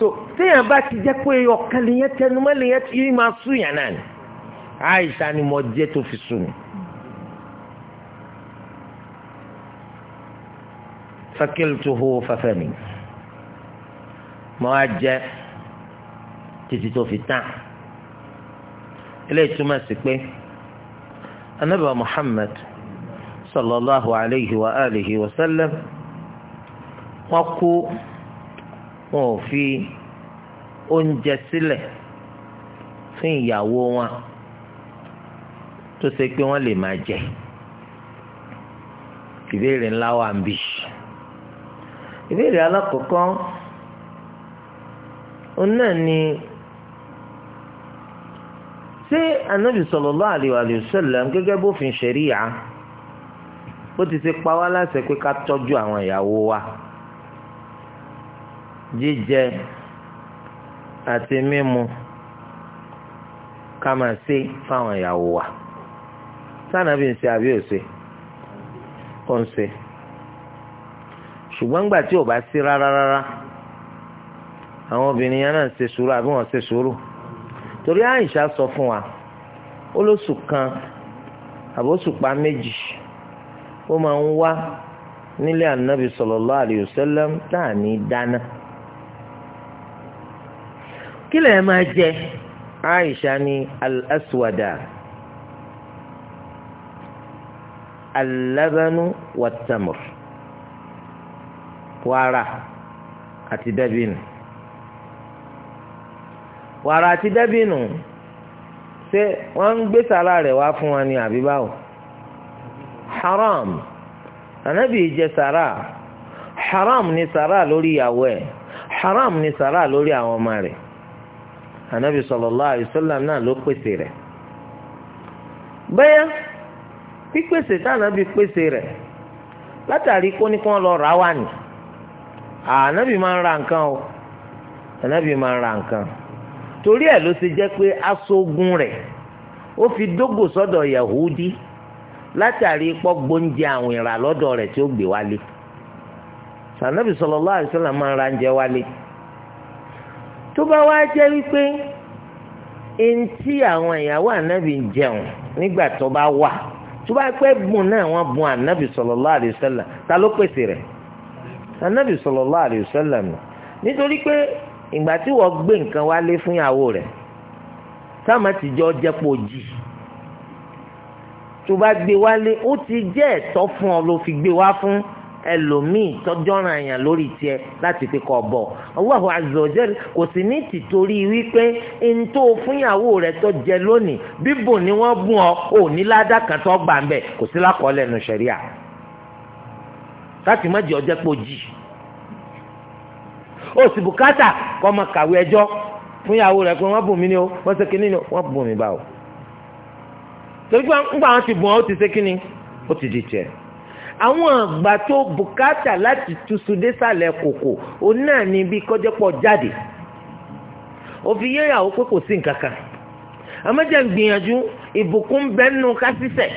so téèyàn bá ti jẹ́ pé ọ̀kan lèyẹn tẹnumọ́ lèyẹn ti yí máa sùn yàn náà ni àìsàn ni mo jẹ́ tó fi sùn ni. fakiltuhu fafani mo á jẹ títí tó fi tán eléyìí túmọ̀ sí pé anabi muhammad sallallahu alayhi wa alihi wa sallam wọn kú wọn ò fi oúnjẹ sílẹ̀ fún ìyàwó wọn tó ṣe pé wọ́n lè máa jẹ ìbéèrè ńlá wà ń bì ìbéèrè alákọ̀ọ́kọ́ òun náà ni ṣé anabi sallallahu alaihi wa sallam gẹ́gẹ́ bófin ṣẹríya bó ti ṣe pa wá láṣẹ pé ká tọ́jú àwọn ìyàwó wa. Wa jíjẹ àti mímu ká máa ṣe fáwọn ìyàwó wa sànàbí ń ṣe àbí ò ṣe ó ń ṣe ṣùgbọ́n gbà tí ò bá sí rárá rárá àwọn obìnrin yẹn náà ṣe sùúrù àbí wọ́n ṣe sùúrù torí Àìṣà sọ fún wa ó kan àbóṣùpá méjì ó máa ń wá nílé ànábì sallallahu alayhi wa sallam tá à ní dáná kí lè máa jẹ Aisha ní al-aswada al-labanu wat-tamr wàrà àti dàbínù wàrà àti dàbínù ṣé wọ́n ń gbé sàrà rẹ̀ wá fún wa ní àbí haram ànábì jẹ sàrà haram ni sàrà lórí ìyàwó ẹ̀ haram ni sàrà lórí àwọn ọmọ rẹ̀ anabi sallallahu alaihi wasallam náà ló pèsè rẹ̀ bẹ́ẹ̀ pípèsè tànàbí pèsè rẹ̀ látàrí kó ní kí wọ́n lọ rà wá ní anabi máa ń ra nǹkan o anabi máa ń ra nǹkan torí ẹ̀ ló ṣe jẹ́ pé aṣogun rẹ̀ ó fi dógò sọ́dọ̀ yahudi látàrí pọ́ gbóúnjẹ àwọn ìrà lọ́dọ̀ rẹ̀ tí ó gbé wálé sànàbì sallallahu alaihi máa ń ra oúnjẹ wálé tó bá wá jẹ́ wípé eŋti àwọn ìyàwó ànábì ń jẹun nígbà tó bá wà tó bá pẹ́ bùn náà wọ́n bùn ànábì sallallahu alaihi wasallam ta ló pèsè rẹ̀ ànábì sallallahu alaihi wasallam nù nítorí pé ìgbà tí wọ́n gbé nǹkan wálé fún ìyàwó rẹ̀ sáàmà ti jọ jẹ́pọ̀ jì tó bá gbé wálé ó ti jẹ́ ẹ̀tọ́ fún ọ ló fi gbé wá fún ẹlòmíì tọ́jọ́ràn àyàn lórí tiẹ̀ láti fi kọ́ bọ̀ Allahu azza wa jal kò sì ní tìtorí wípé n tó fúnyàwó rẹ̀ tó jẹ lónìí bíbò ni wọ́n bùn ọ ò ní ládàá kan tó gbà ń bẹ̀ kò sí lákọọ́lẹ̀ nù ṣẹ̀ríà láti má jẹ́ ọjọ́ pé o jì ó sì bùkátà kọ́ máa kàwé ẹjọ́ fúnyàwó rẹ̀ pé wọ́n bùn mí ni o wọ́n ṣe kínní ni wọ́n bùn mí báwo torí pé ńgbà wọn ti bùn ọ ó ti ṣe kínní ó ti di tiẹ̀ àwọn àgbà tó bùkátà láti tuṣu désàlẹ̀ kòkò òun náà ni bí kọ́jọ́pọ̀ jáde òfin yéyàwó pé kò sí nǹkan kan àmọ́jẹ́ ń gbìyànjú ìbùkún bẹ́nu kásísẹ̀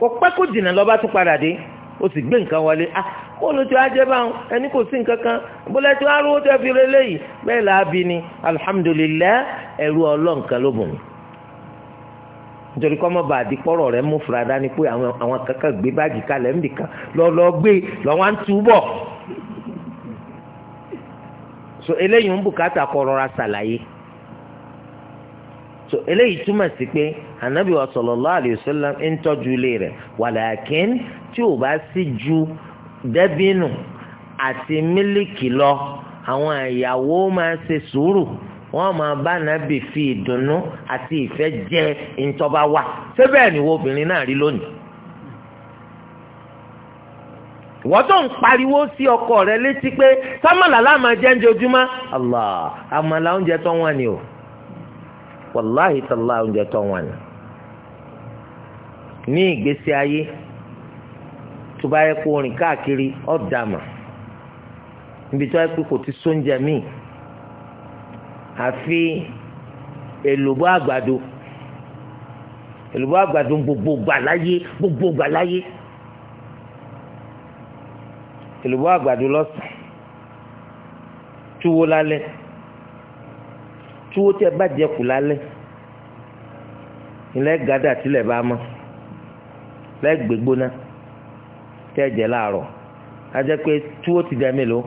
kò pẹ́ kó jìnnà lọ́ba tún padà dé o sì gbé nǹkan wọlé ah kó ló ti ajẹ́ bá wọn ẹni kò sí nǹkan kan bọ́lá tí wọ́n á fi relé yìí bẹ́ẹ̀ làá bí ni alihamudulilayi ẹ̀rú ọlọ́nkan ló bùn mí nítorí kọ́ mọ́ bàdí pọ́rọ̀ rẹ mú fúradá ni pé àwọn kankan gbé báàgì kalẹ̀ ńbìkan lọ́lọ́ gbé lọ́wọ́ ń túbọ̀ so eléyìí ń bùkátà kọ́ rọra ṣàlàyé so eléyìí túmọ̀ sí pé anabi wa sallallahu alayhi wa sallam ń tọ́jú ilé rẹ̀ wàlàkín tí ò bá sí ju dẹ́bínù àti mílíkì lọ àwọn ìyàwó máa ṣe sùúrù. wọ́n máa bá nàbì fi ìdùnnú àti ìfẹ́ jẹ ìtọ́ba wa ṣé bẹ́ẹ̀ ni wo obìnrin náà rí lónìí. wọ́n tó ń pariwo sí ọkọ rẹ létí pé sámàlà láàmà jẹ́ oúnjẹ ojúmọ́ allah àmàlà oúnjẹ tó wọ́n ni o wàláhì tàlá oúnjẹ tó wọ́n ni. ní ìgbésí ayé tó bá yẹ kó rìn káàkiri ọ̀dàmà níbi tó yẹ kó kò ti sóúnjẹ míì àfi èlùbọ́ àgbàdo èlùbọ́ àgbàdo gbogbo gbàláyé gbogbo gbàláyé èlùbọ́ àgbàdo lọ́sàn túwó lálẹ́ túwó tí ẹ bá jẹ kù lálẹ́ ilẹ̀ gàdà tilẹ̀ bá mọ́ lẹ́gbẹ̀ẹ́ gbóná tẹ́ jẹ láàárọ̀ ajẹ́ pé túwó ti dẹ́ mélòó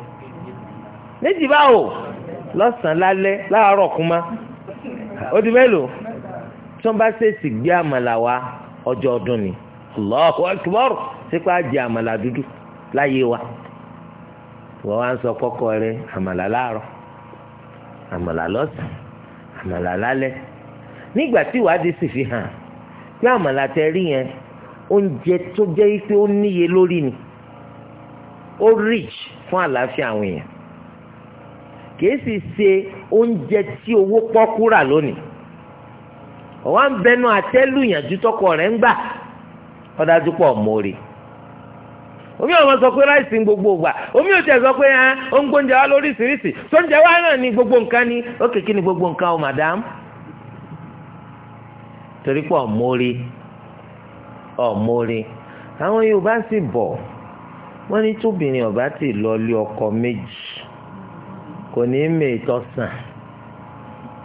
méjì báwo lọ́sàn-án lálẹ́ láàárọ̀ kúmá ó di mélòó tí wọ́n bá ṣèṣì gbé àmàlà wa ọjọ́ ọdún ni Allahu Akbar sípò àjẹ àmàlà dúdú láyé wa wọ́n wá ń sọ kọ́kọ́ rẹ àmàlà láàárọ̀ àmàlà lọ́sàn àmàlà lálẹ́ nígbà tí ìwádìí sì fi hàn pé àmàlà tẹ rí yẹn oúnjẹ tó jẹ́ pé ó níye lórí ni ó rich fún àlàáfíà àwọn èèyàn kìí sì ṣe oúnjẹ tí owó pọ́kú rà lónìí ọ̀wá ń bẹnu àtẹ́lù ìyànjú tọkọ rẹ̀ ń gbà ọ̀dájú pọ̀ mórí omi àwọn sọ pé ráìsì ń gbogbo ògbà omi ò tẹ̀ sọ pé ẹ ó ń gbóúnjẹ wá lóríṣiríṣi sóúnjẹ wá náà ní gbogbo nǹkan ni ó kékeré ní gbogbo nǹkan o madam torí pé ọ̀mórí ọ̀mórí àwọn Yorùbá sì bọ̀ wọ́n ní tóbìnrin ọ̀bá ti lọ lé ọkọ méjì kò ní í mè ìtọ́sàn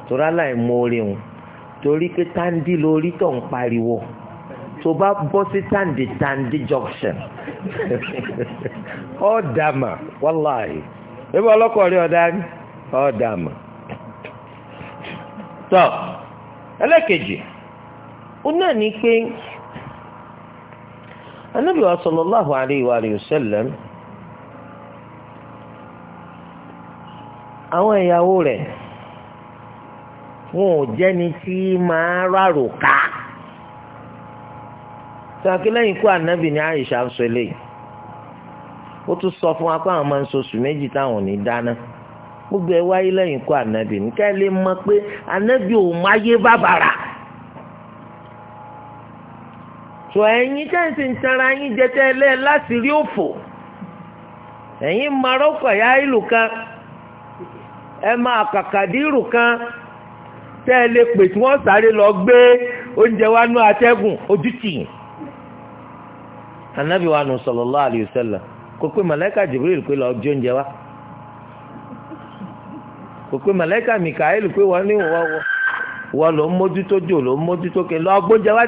torí aláìmoore òun torí pé táǹdì lórí tó ń pariwo tó bá bọ́ sí táǹdì táǹdì junction ọ̀ dàmà wàláhì ebi ọlọ́kọ̀ rí ọ̀dá ni ọ̀ dàmà. tọ́ ẹlẹ́kejì ó náà ní pé anábìwá sallallahu alayhi wa sallam. àwọn ìyàwó rẹ̀ wọn ò jẹ́ni tí máa rárò ká sàkí lẹ́yìn ikú ànábì ní àyíṣà ń sọ eléyìí ó tún sọ fún wa pé àwọn máa ń sọ oṣù méjì táwọn ò ní dáná gbogbo ẹ wáyé lẹ́yìn ikú ànábì ní ká mọ́ pé ànábì ò máyé bàbàrà. tó ẹ̀yin tẹ́ǹsì ń tara yín jẹ́tẹ́ ẹlẹ́ láti rí òfò ẹ̀yin marọ́kọ̀ ya ìlú kan ẹ máa kan tẹ́ pè tí wọ́n sáré lọ gbé oúnjẹ wa nú atẹ́gùn ojú tì wa nù sallallahu kò pé màláíkà Jibril pé lọ jẹ oúnjẹ wa kò pé màláíkà Mikael pé wọ́n ní wọ́wọ́ ló ń mójútó jò ló ń mójútó kí n lọ gbóúnjẹ wa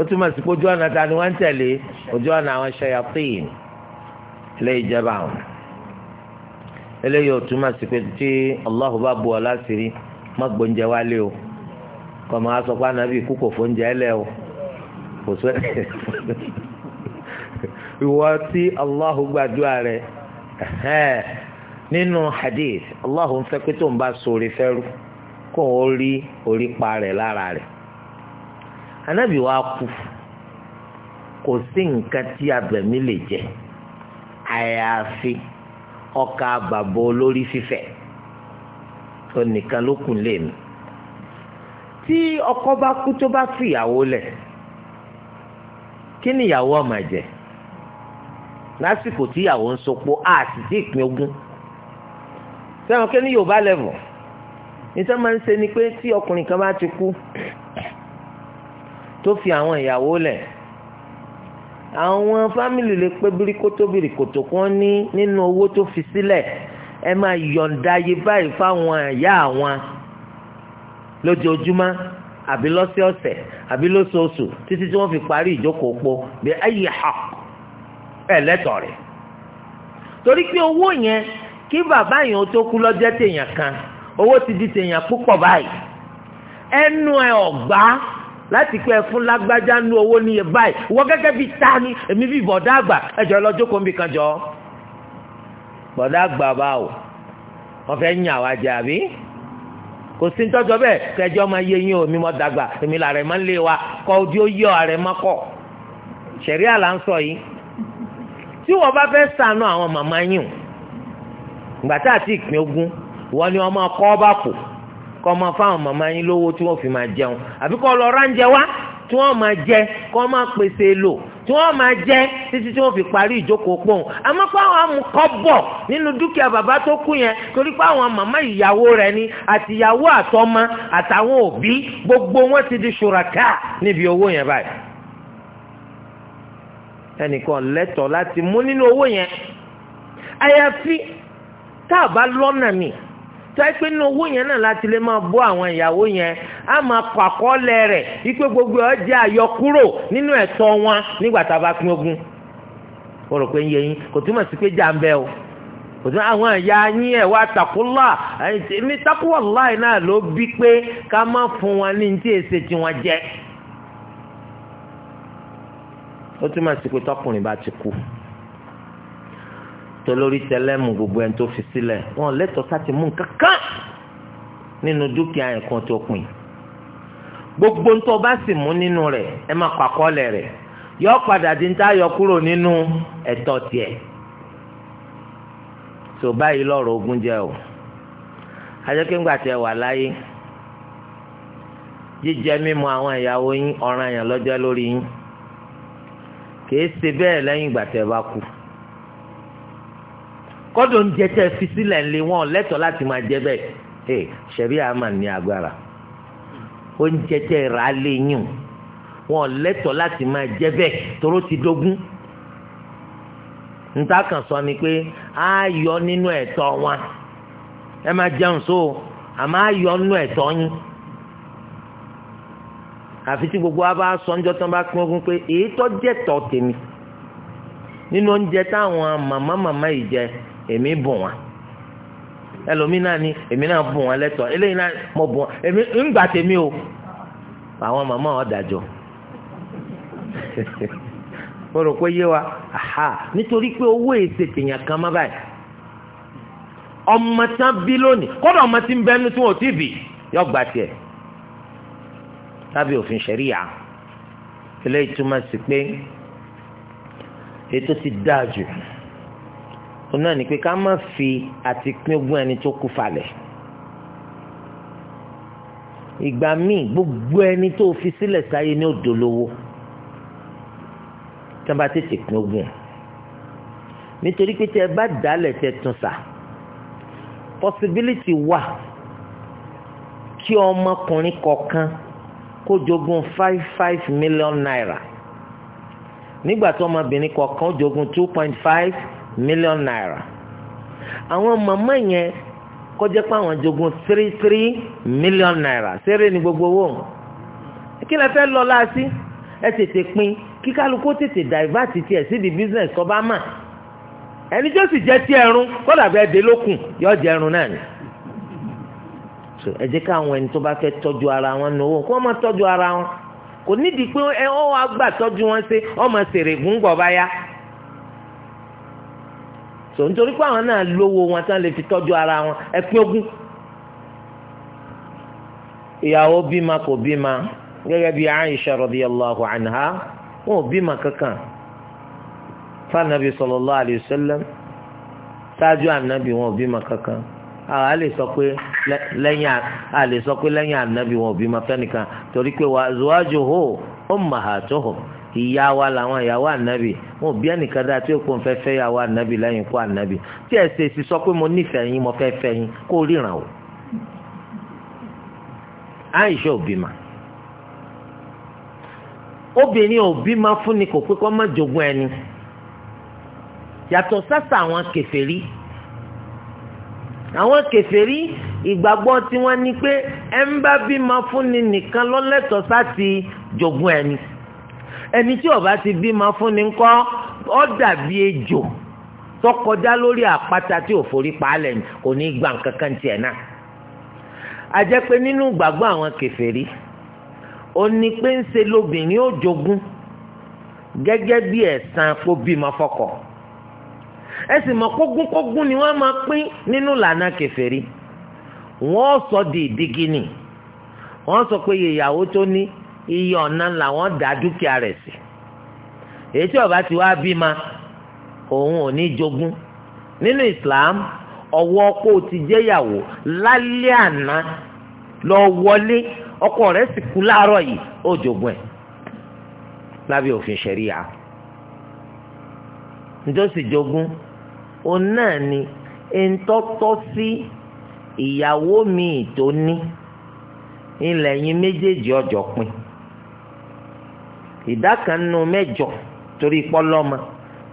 ó túmọ̀ sí pé ojú ọ̀nà ta ni wọ́n ń tẹ̀lé ojú ọ̀nà àwọn ṣayatin ilé ìjọba àwọn eléyìí ò túmọ̀ sí pé tí Allahu bá bu ọ láṣìírí má gbóúnjẹ wálé o kọ́ máa sọ pé ànábì kú kò fóúnjẹ ẹ lẹ́ o kò sọ ẹ̀ ìwọ tí Allahu gbàdúrà rẹ nínú hadith Allahu ń fẹ́ pé tó ń bá sóore fẹ́rú kó o rí orí pa rẹ̀ lára rẹ̀ anabi wa kú kò sí nǹkan tí abẹ̀mí lè jẹ àyàfi ọkà bàbá olórí fífẹ̀ tó nìkan ló kù lé mi tí ọkọ bá kú tó bá fìyàwó lẹ̀ kí ni ìyàwó ọmọ jẹ lásìkò tí ìyàwó ń sopọ̀ àti tí ìpín ogún sẹ́wọ̀n kí ni Yorùbá lẹ́vọ̀ ní sẹ́wọ̀n máa ń ṣe ni pé tí ọkùnrin kan bá ti kú tó fi àwọn ìyàwó lẹ̀ àwọn fámìlì lè pé bíríkótó bíríkótó kan ní nínú owó tó fi sílẹ̀ ẹ máa yọ̀ǹda yìí báyìí fáwọn ìyá àwọn lójoojúmọ́ àbí lọ́sẹ̀ọ̀sẹ̀ àbí lóṣooṣù títí tí wọ́n fi parí ìjókòó po bí ayé ha ẹ̀ lẹ́tọ̀ rẹ̀ torí pé owó yẹn kí bàbá yẹn tó kú lọ́jẹ́ tèèyàn kan owó ti di tèèyàn púpọ̀ báyìí ẹnu ẹ̀ ọ̀gbá láti pé ẹ fún lágbájá nú owó níye báyìí wọ́n gẹ́gẹ́ bíi ta ni èmi bíi bọ̀dá àgbà ẹjọ́ lọ jókòó nbìkan jọ bọ̀dá àgbà báwo wọ́n fẹ́ yàn wá jẹ àbí kò sí ntọ́jọ́ bẹ́ẹ̀ kẹjọ́ máa yé yín o mi mọ́ dàgbà èmi là rẹ̀ máa ń lé wa kọ́ ojú ó yí ọ rẹ̀ má ṣẹ̀rí àlà ń sọ yìí tí wọ́n bá fẹ́ sànú àwọn màmá yín o ìgbà tá àti ìpín ogún wọ́n ni wọ́n máa kọ́ bá pò kọ́ máa fáwọn màmá yín lówó tí wọ́n fi máa jẹun àbí kọ́ lọ ránjẹ wá tí wọ́n máa jẹ kọ́ máa pèsè lò tí wọ́n máa jẹ títí tí wọ́n fi parí ìjókòó pọ̀n àmọ́ fáwọn amukọ́ bọ̀ nínú dúkìá bàbá tó kú yẹn torí fáwọn màmá ìyàwó rẹ ni àtìyàwó àtọmọ àtàwọn òbí gbogbo wọn ti di ṣùràká níbi owó yẹn báyìí ẹnìkan lẹ́tọ̀ọ́ láti mú nínú owó yẹn àyàfi tá a bá lọ́nà mi tọ́yẹ́ pé nínú owó yẹn náà láti lè máa bọ́ àwọn ìyàwó yẹn á máa kọ àkọọ́lẹ̀ rẹ̀ gbogbo ọjà àyọkúrò nínú ẹ̀tọ́ wọn nígbà tá a bá pín ogún o rò pé ń yẹ kò túmọ̀ sí pé jà ń o kò àwọn ẹ̀yà yín ẹ̀ wá ní láì náà ló bí pé ká má fún wọn ní tolórí tẹlẹmù gbogbo ẹni tó fi sílẹ̀ wọn lẹ́tọ̀ọ́ sáti mú kankan nínú dúkìá yẹn kan tó pin gbogbo ntọ́ bá sì mú nínú rẹ̀ ẹ má pàkọ́lẹ̀ rẹ̀ yọ padà di ntá yọ kúrò nínú ẹ̀tọ́ tiẹ̀ tó báyìí lọ́rọ̀ ogún jẹ́ o ajẹ́kíngbà tẹ wà láyé jíjẹ mímu àwọn ìyàwó yín ọ̀ranyàn lọ́jọ́ lórí yín kìí ṣe bẹ́ẹ̀ lẹ́yìn ìgbà tẹ bá kú. kọ́dọ̀ oúnjẹ tẹ́ fi sílẹ̀ ńlẹ̀ wọn lẹ́tọ̀ láti máa jẹ bẹ́ẹ̀ ẹ eh, ṣẹ̀rí àmà ní agbára oúnjẹ tẹ́ rà á lé yín wọn lẹ́tọ̀ láti máa jẹ bẹ́ẹ̀ ti dógún níta kan sọ ni pé a yọ nínú ẹ̀tọ́ wọn ẹ máa jẹun àmọ́ a yọ nínú ẹ̀tọ́ yín àfi tí gbogbo wa bá sọ ńjọ́ tán bá pín ogún pé èyí tó jẹ́ tèmi nínú oúnjẹ èmi bùn wọn ẹlòmíín náà ni èmi náà bùn wọn lẹ́tọ̀ eléyìí náà mo bùn wọn èmi ń gbà tèmi o àwọn màmá wọn dàjọ mo rò pé yé wa aha nítorí pé owó èsè tèèyàn kan má báyìí ọmọ tán bí lónìí kódà ọmọ tí ń bẹnu tí wọn ò tí bì yọ gbà tiẹ̀ lábẹ́ òfin ṣẹ̀ríyà eléyìí túmọ̀ sí pé ètò ti dáa jù òun náà ni pé ká má fi àti pín ogún ẹni tó kú falẹ̀ ìgbà míì gbogbo ẹni tó fi sílẹ̀ sáyé ní òdò lówó tí wọ́n bá tètè pín ogún nítorí pé tẹ́ ẹ bá dálẹ̀ tẹ́ tún sà possibility wà kí ọmọkùnrin kọ̀ọ̀kan kó jogún five five million naira nígbà tí ọmọbìnrin kọ̀ọ̀kan jogún two point five Million naira, àwọn mama yẹn kọjá pé àwọn jogún three three million naira, ṣeré ni gbogbo owó wọn kí lẹ fẹ́ lọ láàásí ẹ tètè pín kí kálukú tètè divert tiẹ̀ síbi business tó bá mà ẹni tó sì jẹ́ tí ẹrun kódà bẹ́ẹ̀ dé lókun yọ jẹ ẹrun náà ni so ẹ jẹ́ káwọn ẹni tó bá fẹ́ tọ́jú ara wọn náwó kó wọ́n máa tọ́jú ara wọn kò nídìí pé ẹ ọ́ wá gbà tọ́jú wọn ṣe ọ́ máa ṣèrè gúngbọ̀ bá yá so nítorí pé àwọn náà lówó wọn tán lè fi tọ́jú ara wọn ẹ pín ogún ìyàwó bímọ kò bímọ gẹ́gẹ́ bí Aisha radiyallahu anha wọn ò bímọ kankan fanabi sallallahu alayhi wa sallam ṣáájú ànábì wọn ò bímọ kankan àwọn a lè sọ pé lẹ́yìn a lè sọ pé lẹ́yìn ànábì wọn ò bímọ fẹ́nìkan torí pé wa azwajuhu ummahatuhum ìyá wa làwọn ìyàwó ànábì wọn ò bí ẹnìkan dáa tí ó kó n fẹ́ fẹ́ ìyàwó ànábì lẹ́yìn ikú ànábì tí ẹ ṣe sì sọ pé mo nífẹ̀ẹ́ yín mo fẹ́ fẹ́ yín kó ríran o. Àìṣà ò obìnrin ò fún ni kò pé kó má jogún ẹni yàtọ̀ sásà àwọn kèfèrí àwọn kèfèrí ìgbàgbọ́ tí wọ́n ní pé ẹ ń bá bímọ fún ni nìkan lọ́lẹ́tọ̀ọ́ sá ti jogún ẹni. ẹni tí ọba ti bímọ fún ni ńkọ́ ó dàbí ejò tó kọjá lórí àpáta tí ò forí paálẹ̀ kò ní gbà kankan tiẹ̀ náà a jẹ́ pé nínú gbàgbọ́ àwọn kèfèrí ó ní pé ń ṣe lóbìnrin ó jogún gẹ́gẹ́ bí ẹ̀sán kó bímọ fọ́kọ ẹ sì mọ̀ kógúnkógún ni wọ́n máa pín nínú lànà kèfèrí wọ́n sọ di ìdígi ni wọ́n sọ pé ìyàwó tó ní iye ọ̀nà làwọn dá dúkìá rẹ̀ sí èyí tí ọba ti wá bímọ òun ò ní jogún nínú Islam ọwọ́ ọkọ ti jẹ́yàwó lálẹ́ àná lọ wọlé ọkọ rẹ̀ sì kú láàárọ̀ yìí ó jogún ẹ̀ lábẹ́ òfin ṣẹ̀ríya nítòsí jogún òun náà ni ntọ́tọ́ sí ìyàwó mi tó ní ilẹ̀ yín méjèèjì ọjọ́ pin ìdá kan nínú mẹ́jọ torí pọ́lọ́mọ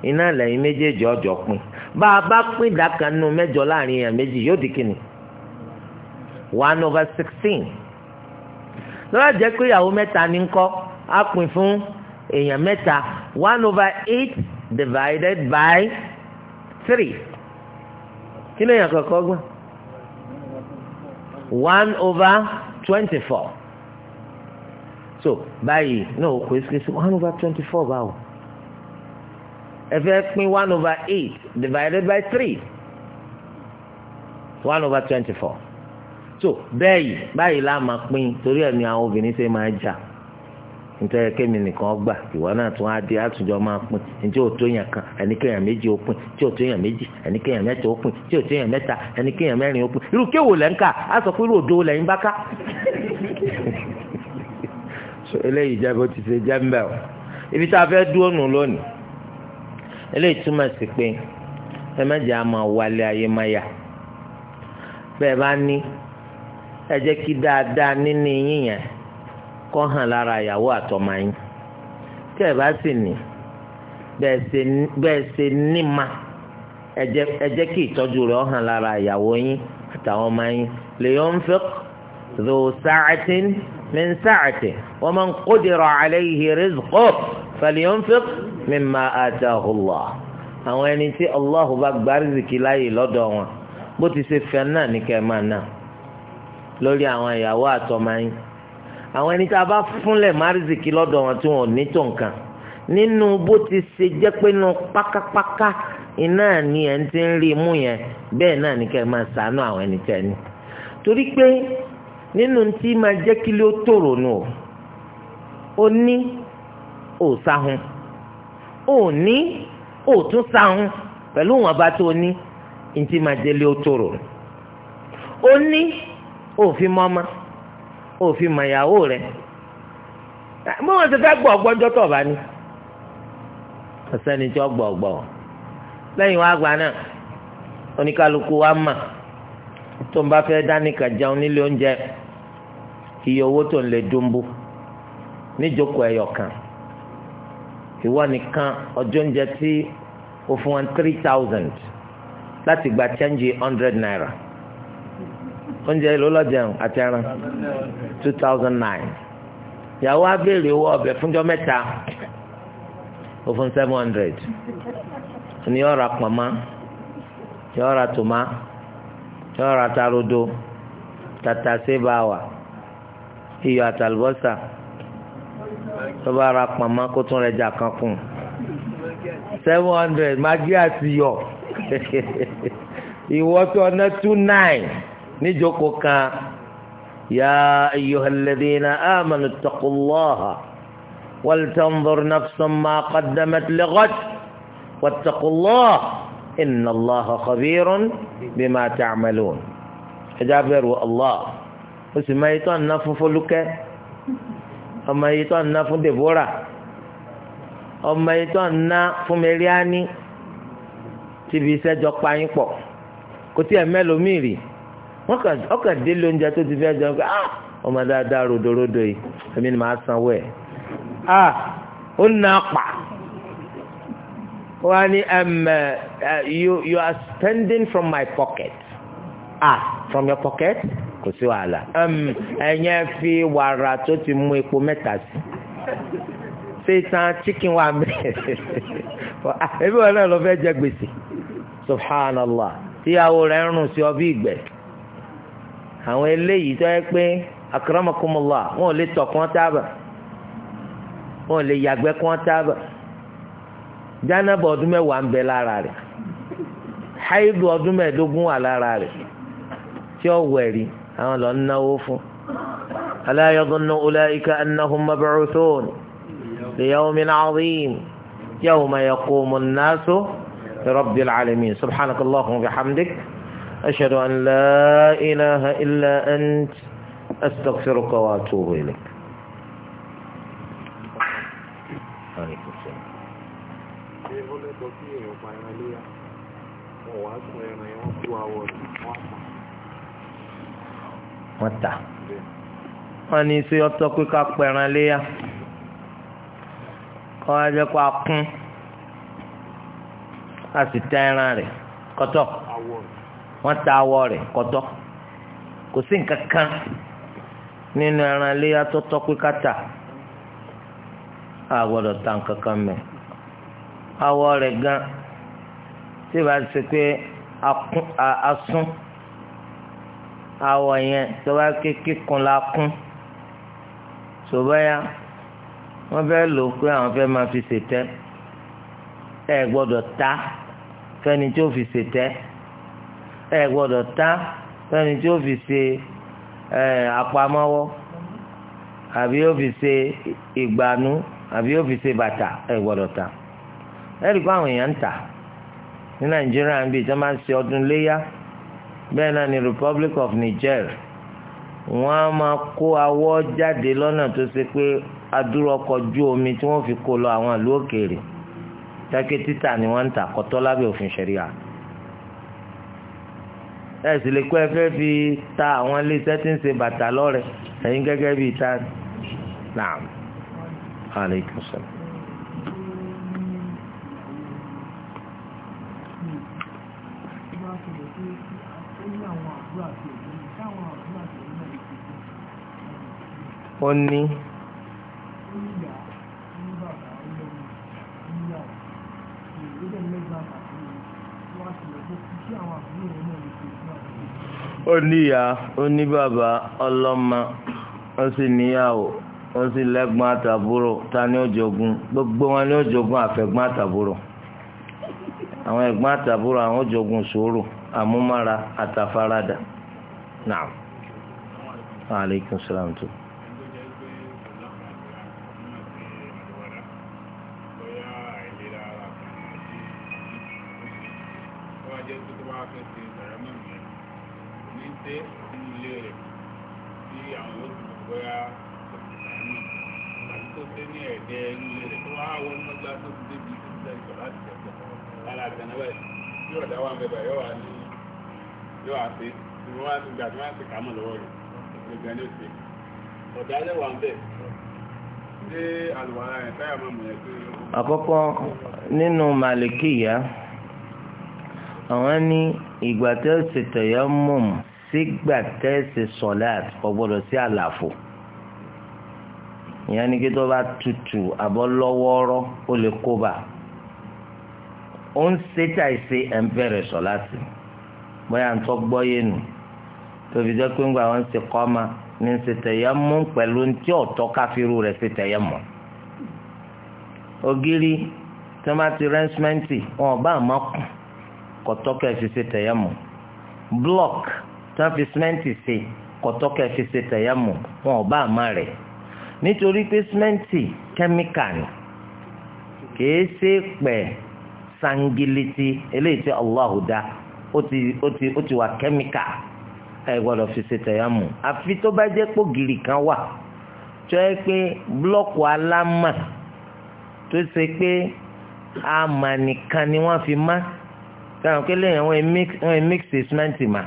iná lẹ́yìn méjèèjì ọjọ́ pin bá a bá pín ìdá kan nínú mẹ́jọ láàrin èèyàn méjì yóò di kíni one over sixteen lọ́wọ́ jẹ́ pé ìyàwó mẹ́ta ní kọ́ á pín fún èèyàn mẹ́ta one over eight divided by three kí ni èèyàn kọ̀ọ̀kan gbọ́n one over twenty-four. so báyìí náà ó pèsè pèsè one over twenty four báwo ẹ fẹ́ pín one over eight divided by three one over twenty four so bẹ́ẹ̀yì báyìí la máa pin torí ẹ̀ ni àwọn obìnrin ṣe máa jà nítorí kémi nìkan gbà ìwọ náà tún á di àtúnjọ máa pín ǹjẹ́ ò tó yàn kan ẹnikẹ́yàn méjì ó pín tí ò tó yàn méjì ẹnikẹ́yàn mẹ́ta ó pín tí ò tó yàn mẹ́ta ẹnikẹ́yàn mẹ́rin ó pín irú kéwò lẹ́ńkà á sọ pé irú òdo lẹ́yìn bá ká so eléyìí jẹ́ bó ti ṣe jẹ́ ń bẹ̀ o ibi tá a fẹ́ dúró nù lónìí eléyìí túmọ̀ sí pé ẹ má jẹ́ a máa wálé ayé má yá bẹ́ẹ̀ bá ní ẹ jẹ́ kí dáadáa níní yín yẹn kọ́ hàn lára ìyàwó àtọmọ yín tí ẹ bá sì ní bẹ́ẹ̀ ṣe ní ma ẹ jẹ́ kí ìtọ́jú rẹ̀ hàn lára ìyàwó yín àtàwọn ọmọ yín lèyàn ń fẹ́ ro sáàtìn. من سعته ومن قدر عليه رزقه فلينفق مما آتاه الله àwọn ẹni tí Allahu bá gba rìzìkì láàyè lọ́dọ̀ wọn bó ti ṣe fẹ́ náà ní kẹ́ẹ̀má náà lórí àwọn ìyàwó àtọmọ yín àwọn ẹni tí a bá fúnlẹ̀ má rìzìkì lọ́dọ̀ wọn tí wọn ò ní tó nǹkan nínú bó ti ṣe jẹ́ pé nu pákápáká iná ni ẹ̀ ń ti ń rí mú yẹn bẹ́ẹ̀ náà ní kẹ́ẹ̀má ṣàánú àwọn ẹni tẹ́ ni torí pé nínú tí máa jẹ́ kí ló tòrò nù ó ní ò sáhun ó ní ò tún sáhun pẹ̀lú wọn bá tó ní ntí máa jẹ́ ló tòrò ó ní òfin mọ́mọ́ òfin mọ̀yàwó rẹ̀ mọ́ wọn ti fẹ́ gbọ́ ọgbọ́njọ́ tó bá ní ọ̀sẹ́ni tí ó gbọ́ ọgbọ́ lẹ́yìn wá gba náà oníkálukú wa mà tó ń bá fẹ́ iye owó tó ń lè dúnbú níjókòó ẹyọ kan ìwọ nìkan ọjọ́ oúnjẹ tí o fún wọn three thousand láti gba change hundred naira oúnjẹ ìlú lọ́jẹun àti ẹran two thousand nine ìyàwó abéèrè owó ọbẹ̀ fúnjọ́ mẹ́ta o fún seven hundred ní ọ̀rà pọ̀nmọ́ ní ọ̀rà tòmá ní ọ̀rà tarodo tata báwà. iyọ̀ àtàlùbọ́sà tó bá ra pàmò kó tún rẹ̀ jà kan kùn seven hundred magi àti yọ ìwọ tó ọ̀nà two nine níjókòó kan ya ayyuhalladhina amanu taqullaha waltanzur nafsan ma qaddamat lighad wattaqullaha inna allaha khabirun bima àmàlù ẹ abẹ́rù allah. o sì máa yẹ tó àná fún Fọlúkẹ́ ọmọ yẹ tó àná fún Deborah ọmọ yẹ tó àná fún Mẹríání tìbí iṣẹ́ jọ pa kò tí ẹ̀ mẹ́lòmíì rì ọkàn délé oúnjẹ tó ti fẹ́ jẹun pé ah ọmọ dáadáa rodorodo yìí èmi ni màá sanwó ẹ̀ ah ó nà pa wọ́n ní um, uh, you you are spending from my pocket ah from your pocket kò sí wàhálà ẹ̀yẹ́ fi wàrà tó ti mú epo mẹ́ta sí ṣètàn chicken wa mẹ́ẹ̀ ẹbí wọn náà lọ fẹ́ jẹ gbèsè subhanallah tíyàwó rẹ̀ ń rùn sí ọ bí ìgbẹ́ àwọn eléyìí tó yẹ pé akramakumullah wọn ò lè tọ̀ kán tábà wọn ò lè yàgbẹ́ kán tábà jánàbà ọdún mẹ́wàá ń bẹ lára rẹ̀ háìdù ọdún mẹ́ẹ̀ẹ́dógún wà lára rẹ̀ tí ó wẹ̀rí لأنه ألا يظن أولئك أنهم مبعوثون ليوم عظيم يوم يقوم الناس لرب العالمين سبحانك اللهم وبحمدك أشهد أن لا إله إلا أنت أستغفرك وأتوب إليك Thank wọn tà wọ́n ní sí ọtọ́ pé ká pẹran léyà kọ́ wá jẹ́ kó a kún a sì tẹ ẹran rẹ̀ kọ́tọ́ wọ́n ta awọ rẹ kọtọ kò sí nǹkan kan nínú ẹran léyà tó tọ́ pé ká tà a gbọ́dọ̀ ta nǹkan kan mẹ́ awọ rẹ gan tí ìbá ti ṣe pé a sún. awọ yẹn tó bá ké kíkun la kún sòbáyà wọ́n fẹ́ lò ó pé àwọn fẹ́ máa fi ṣètẹ ẹ gbọ́dọ̀ ta fẹ́ni tí ó fi ṣètẹ ẹ gbọ́dọ̀ ta fẹ́ni tí ó fi ṣe ẹ àpamọ́wọ́ àbí ó fi ṣe ìgbànú àbí ó fi ṣe bàtà ẹ gbọ́dọ̀ ta ẹ rí i pé àwọn èèyàn ń tà ní nàìjíríà ń bì ń ṣe ọdún léyà. bẹ́ẹ̀ náà ni Republic of Niger wọ́n á máa kó awọ́ jáde lọ́nà tó ṣe pé adúrò ọkọ̀ ojú omi tí wọ́n fi kó lọ àwọn ìlú òkèèrè tẹ́kẹ́ títà ni wọ́n ń tà kọ́tọ́ lábẹ́ òfin ṣẹ̀ríà ẹ sì lè kó ẹ fẹ́ fi ta àwọn iléeṣẹ́ tí ń ṣe bàtà lọ́rẹ̀ ẹ̀yin gẹ́gẹ́ bíi ta naam aleykum salaam. ó ní ó níyà ó ní bàbá ọlọ́mọ ó sì níyàwó ó sì lẹ́gbọ́n àtàbúrò ta ni ó jogún gbogbo wọn ni ó jogún àfẹ́gbọ́n àtàbúrò àwọn ẹ̀gbọ́n àtàbúrò àwọn ó jogún sùúrù àmúmára àtàfaradà náà. Alaikum salaam tó. àkọ́kọ́ nínú màlìkìyà àwọn ní ìgbà tẹ́ ẹ ṣe tayammum sígbà tẹ́ ẹ ṣe sọ̀láàt kò sí àlàfo ìyẹn ni kí tó bá tutù àbọ̀ lọ́wọ́ọ́rọ́ ó lè kó bá ó ń ṣe tàìsí ẹ̀ ń bẹ̀rẹ̀ sọ̀láàtì bóyá ń tọ́ gbọ́ yé nu tóbi jẹ́ pé ń gba àwọn ń ṣe kọ́ ma ní ń ṣe tayammum pẹ̀lú ní tí ọ̀tọ́ káfíru rẹ̀ ṣe tayammum ògiri tí wọ́n bá ti rẹ́ńsímẹ́ǹtì wọn ò bá kù kọ̀tọ́kẹ́ fi ṣe tẹ̀yẹ́mù block tí wọ́n fi símẹ́ǹtì ṣe kọ̀tọ́kẹ́ fi ṣe tẹ̀yẹ́mù wọn ò bá àmọ́ nítorí pé símẹ́ǹtì kẹ́míkà ni kìí ṣe pẹ̀ sangiliti eléyìí tí Allahu dá ó ti ó ti ó ti wà kẹ́míkà ẹ gbọ́dọ̀ fi ṣe tẹ̀yẹ́mù àfi tó bá jẹ́ pé ògiri kan wà tó yẹ pé blọ́ọ̀kù alámà tó ṣe pé amànìkan ni wọ́n fi má sẹ́wọ̀n pé lẹ́yìn wọ́n ẹ̀ mix cement mà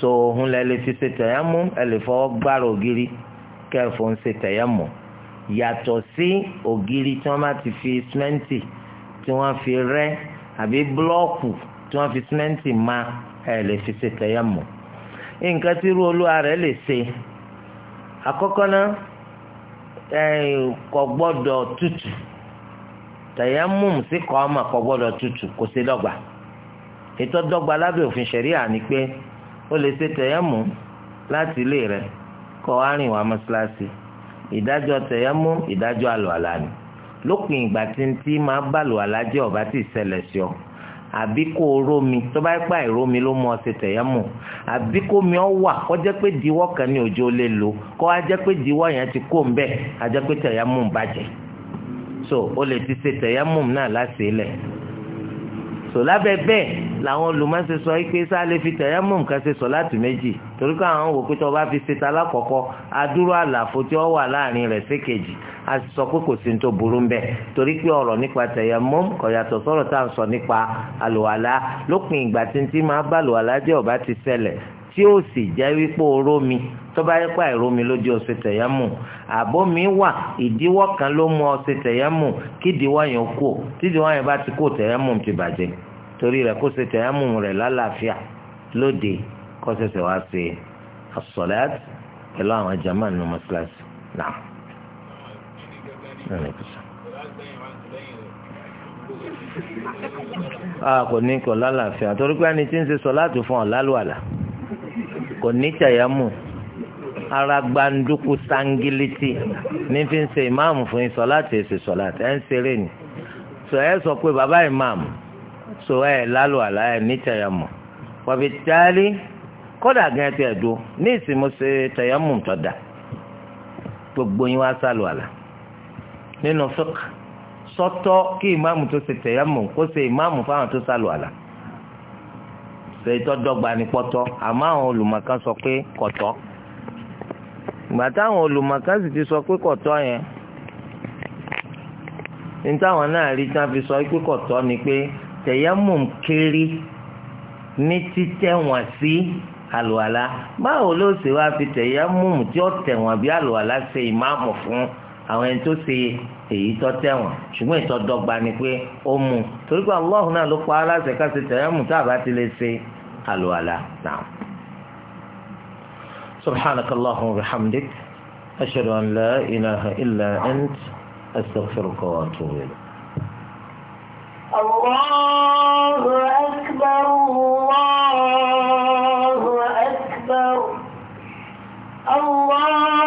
so òun lẹ lè fi ṣe tẹ̀yàmú ẹ lè fọwọ́ gbára ògiri kẹfọ́ ń ṣe tẹ̀yàmú yàtọ̀ sí ògiri tí wọ́n bá ti fi cement tí wọ́n fi rẹ́ àbí búlọ́ọ̀kù tí wọ́n fi cement ma ẹ lè fi ṣe tẹ̀yàmú nǹkan tí irú olúwa rẹ̀ lè ṣe àkọ́kọ́ náà kò gbọ́dọ̀ tutù tẹ̀yẹ́mùm sí kọ́ ọmọ kò gbọ́dọ̀ tutù kò sí dọ́gba ètò dọ́gba lábẹ́ òfin ṣẹ̀ríà ni pé ó lè ṣe tẹ̀yẹ́mùm láti ilé rẹ̀ kọ́ arìn wá mọ́ṣáláṣí ìdájọ́ tẹ̀yẹ́mùm ìdájọ́ àlùwàlá ni lópin ìgbà tí máa bá àlùwàlá jẹ́ ọ̀bá tí ìṣẹ̀lẹ̀ sí àbí kó o rómi tó bá pa ìrómi ló mú ọ ṣe tẹ̀yẹ́mùm àbí kó mi ọ wà kó jẹ́ pé diwọ́ kan ní òjò lè lò kó wá jẹ́ pé diwọ́ yẹn ti kó ń bẹ́ẹ̀ á jẹ́ pé tẹ̀yẹ́mùm bàjẹ́ so o lè ti ṣe tẹ̀yẹ́mùm náà láti ilẹ̀ so lábẹ́ bẹ́ẹ̀ làwọn olùmọ̀ọ́sẹ̀ sọ pé sá lè fi tẹ̀yẹ́mùm kan ṣe sọ láti méjì torí pé àwọn wò pé tó bá fi ṣe ta lákọ̀ọ́kọ́ adúrú àlàfo tí ó wà láàrin rẹ̀ sékejì a sì sọ pé kò sí tó burú mbẹ torí pé ọ̀rọ̀ nípa tẹ̀yẹ́mùm kò yàtọ̀ sọ̀rọ̀ tá à ń sọ nípa àlùwàlá lópin ìgbà tí tí máa bá àlùwàlá jẹ́ ó bá ti ṣẹlẹ̀ tí ó sì jẹ́ wípé oró mi tọ́ba yẹ pé àìrómi lójú ọ̀sẹ̀ tẹ̀yẹ́mù àbómi wà ìdíwọ́ kan ló mú ọ̀sẹ̀ tẹ̀yẹ́mù kídìíwọ́ yẹn kú tídìíwọ́ yẹn bá ti kú tẹ̀yẹ́mù ti bàjẹ́ torí rẹ̀ kó ṣe tẹ̀yẹ́mù rẹ̀ lálàáfíà lóde kó ṣẹ̀ṣẹ̀ wá ṣe as-salat pẹ̀lú àwọn jama nínú mọ́ṣáláṣí náà. a ah, kò ní kọ̀ lálàáfíà torí pé ẹni tí ń ṣe sọ láti fún ọ̀ lálùwàlà kò ní tẹ̀yẹ́mù ara gbanduku sangiliti ní fi ń se ìmáàmù fún yín sọláàtì èsì sọláàtì ẹ̀ ń ṣeré ni sọ ẹ sọ pé bàbá ìmáàmù sọ ẹ lálù àlá ẹ ní tẹyàmù wàbí tálí kódà gan ti ẹ̀dùn ní ìsìnmú ṣe tẹyàmù tọ̀dà gbogbo yín wá sálù àlá nínú fúkà sọ́tọ̀ kí ìmáàmù tó ṣe tẹyàmù kó ṣe ìmáàmù fáwọn tó sálù àlá ṣe ìtọ́dọ́gba ní pọ́tọ́ àmọ́ àwọn olùmọ̀kan sọ pé kọ̀tọ́ ìgbà táwọn olùmọ̀kan sì ti sọ pé kọ̀tọ́ yẹn ní táwọn náà rí tán fi sọ pé kọ̀tọ́ ni pé tẹ̀yẹ́mùm kéré ní títẹ̀ wọ́n sí àlùwàlá báwo ló ṣe wá fi tẹ̀yẹ́mùm tí ó tẹ̀wọ̀n bí àlùwàlá ṣe ìmáàmù fún àwọn ẹni tó ṣe èyí tó tẹ̀wọ̀n ṣùgbọ́n ìtọ́ dọ́gba ni pé ó mú un torí pé Allah náà ló pa aláṣẹ ká ṣe tẹ̀yẹ́mùm tá a bá ti lè ṣe àlùwàlá náà. سبحانك اللهم وبحمدك أشهد أن لا إله إلا أنت أستغفرك وأتوب إليك الله أكبر الله أكبر الله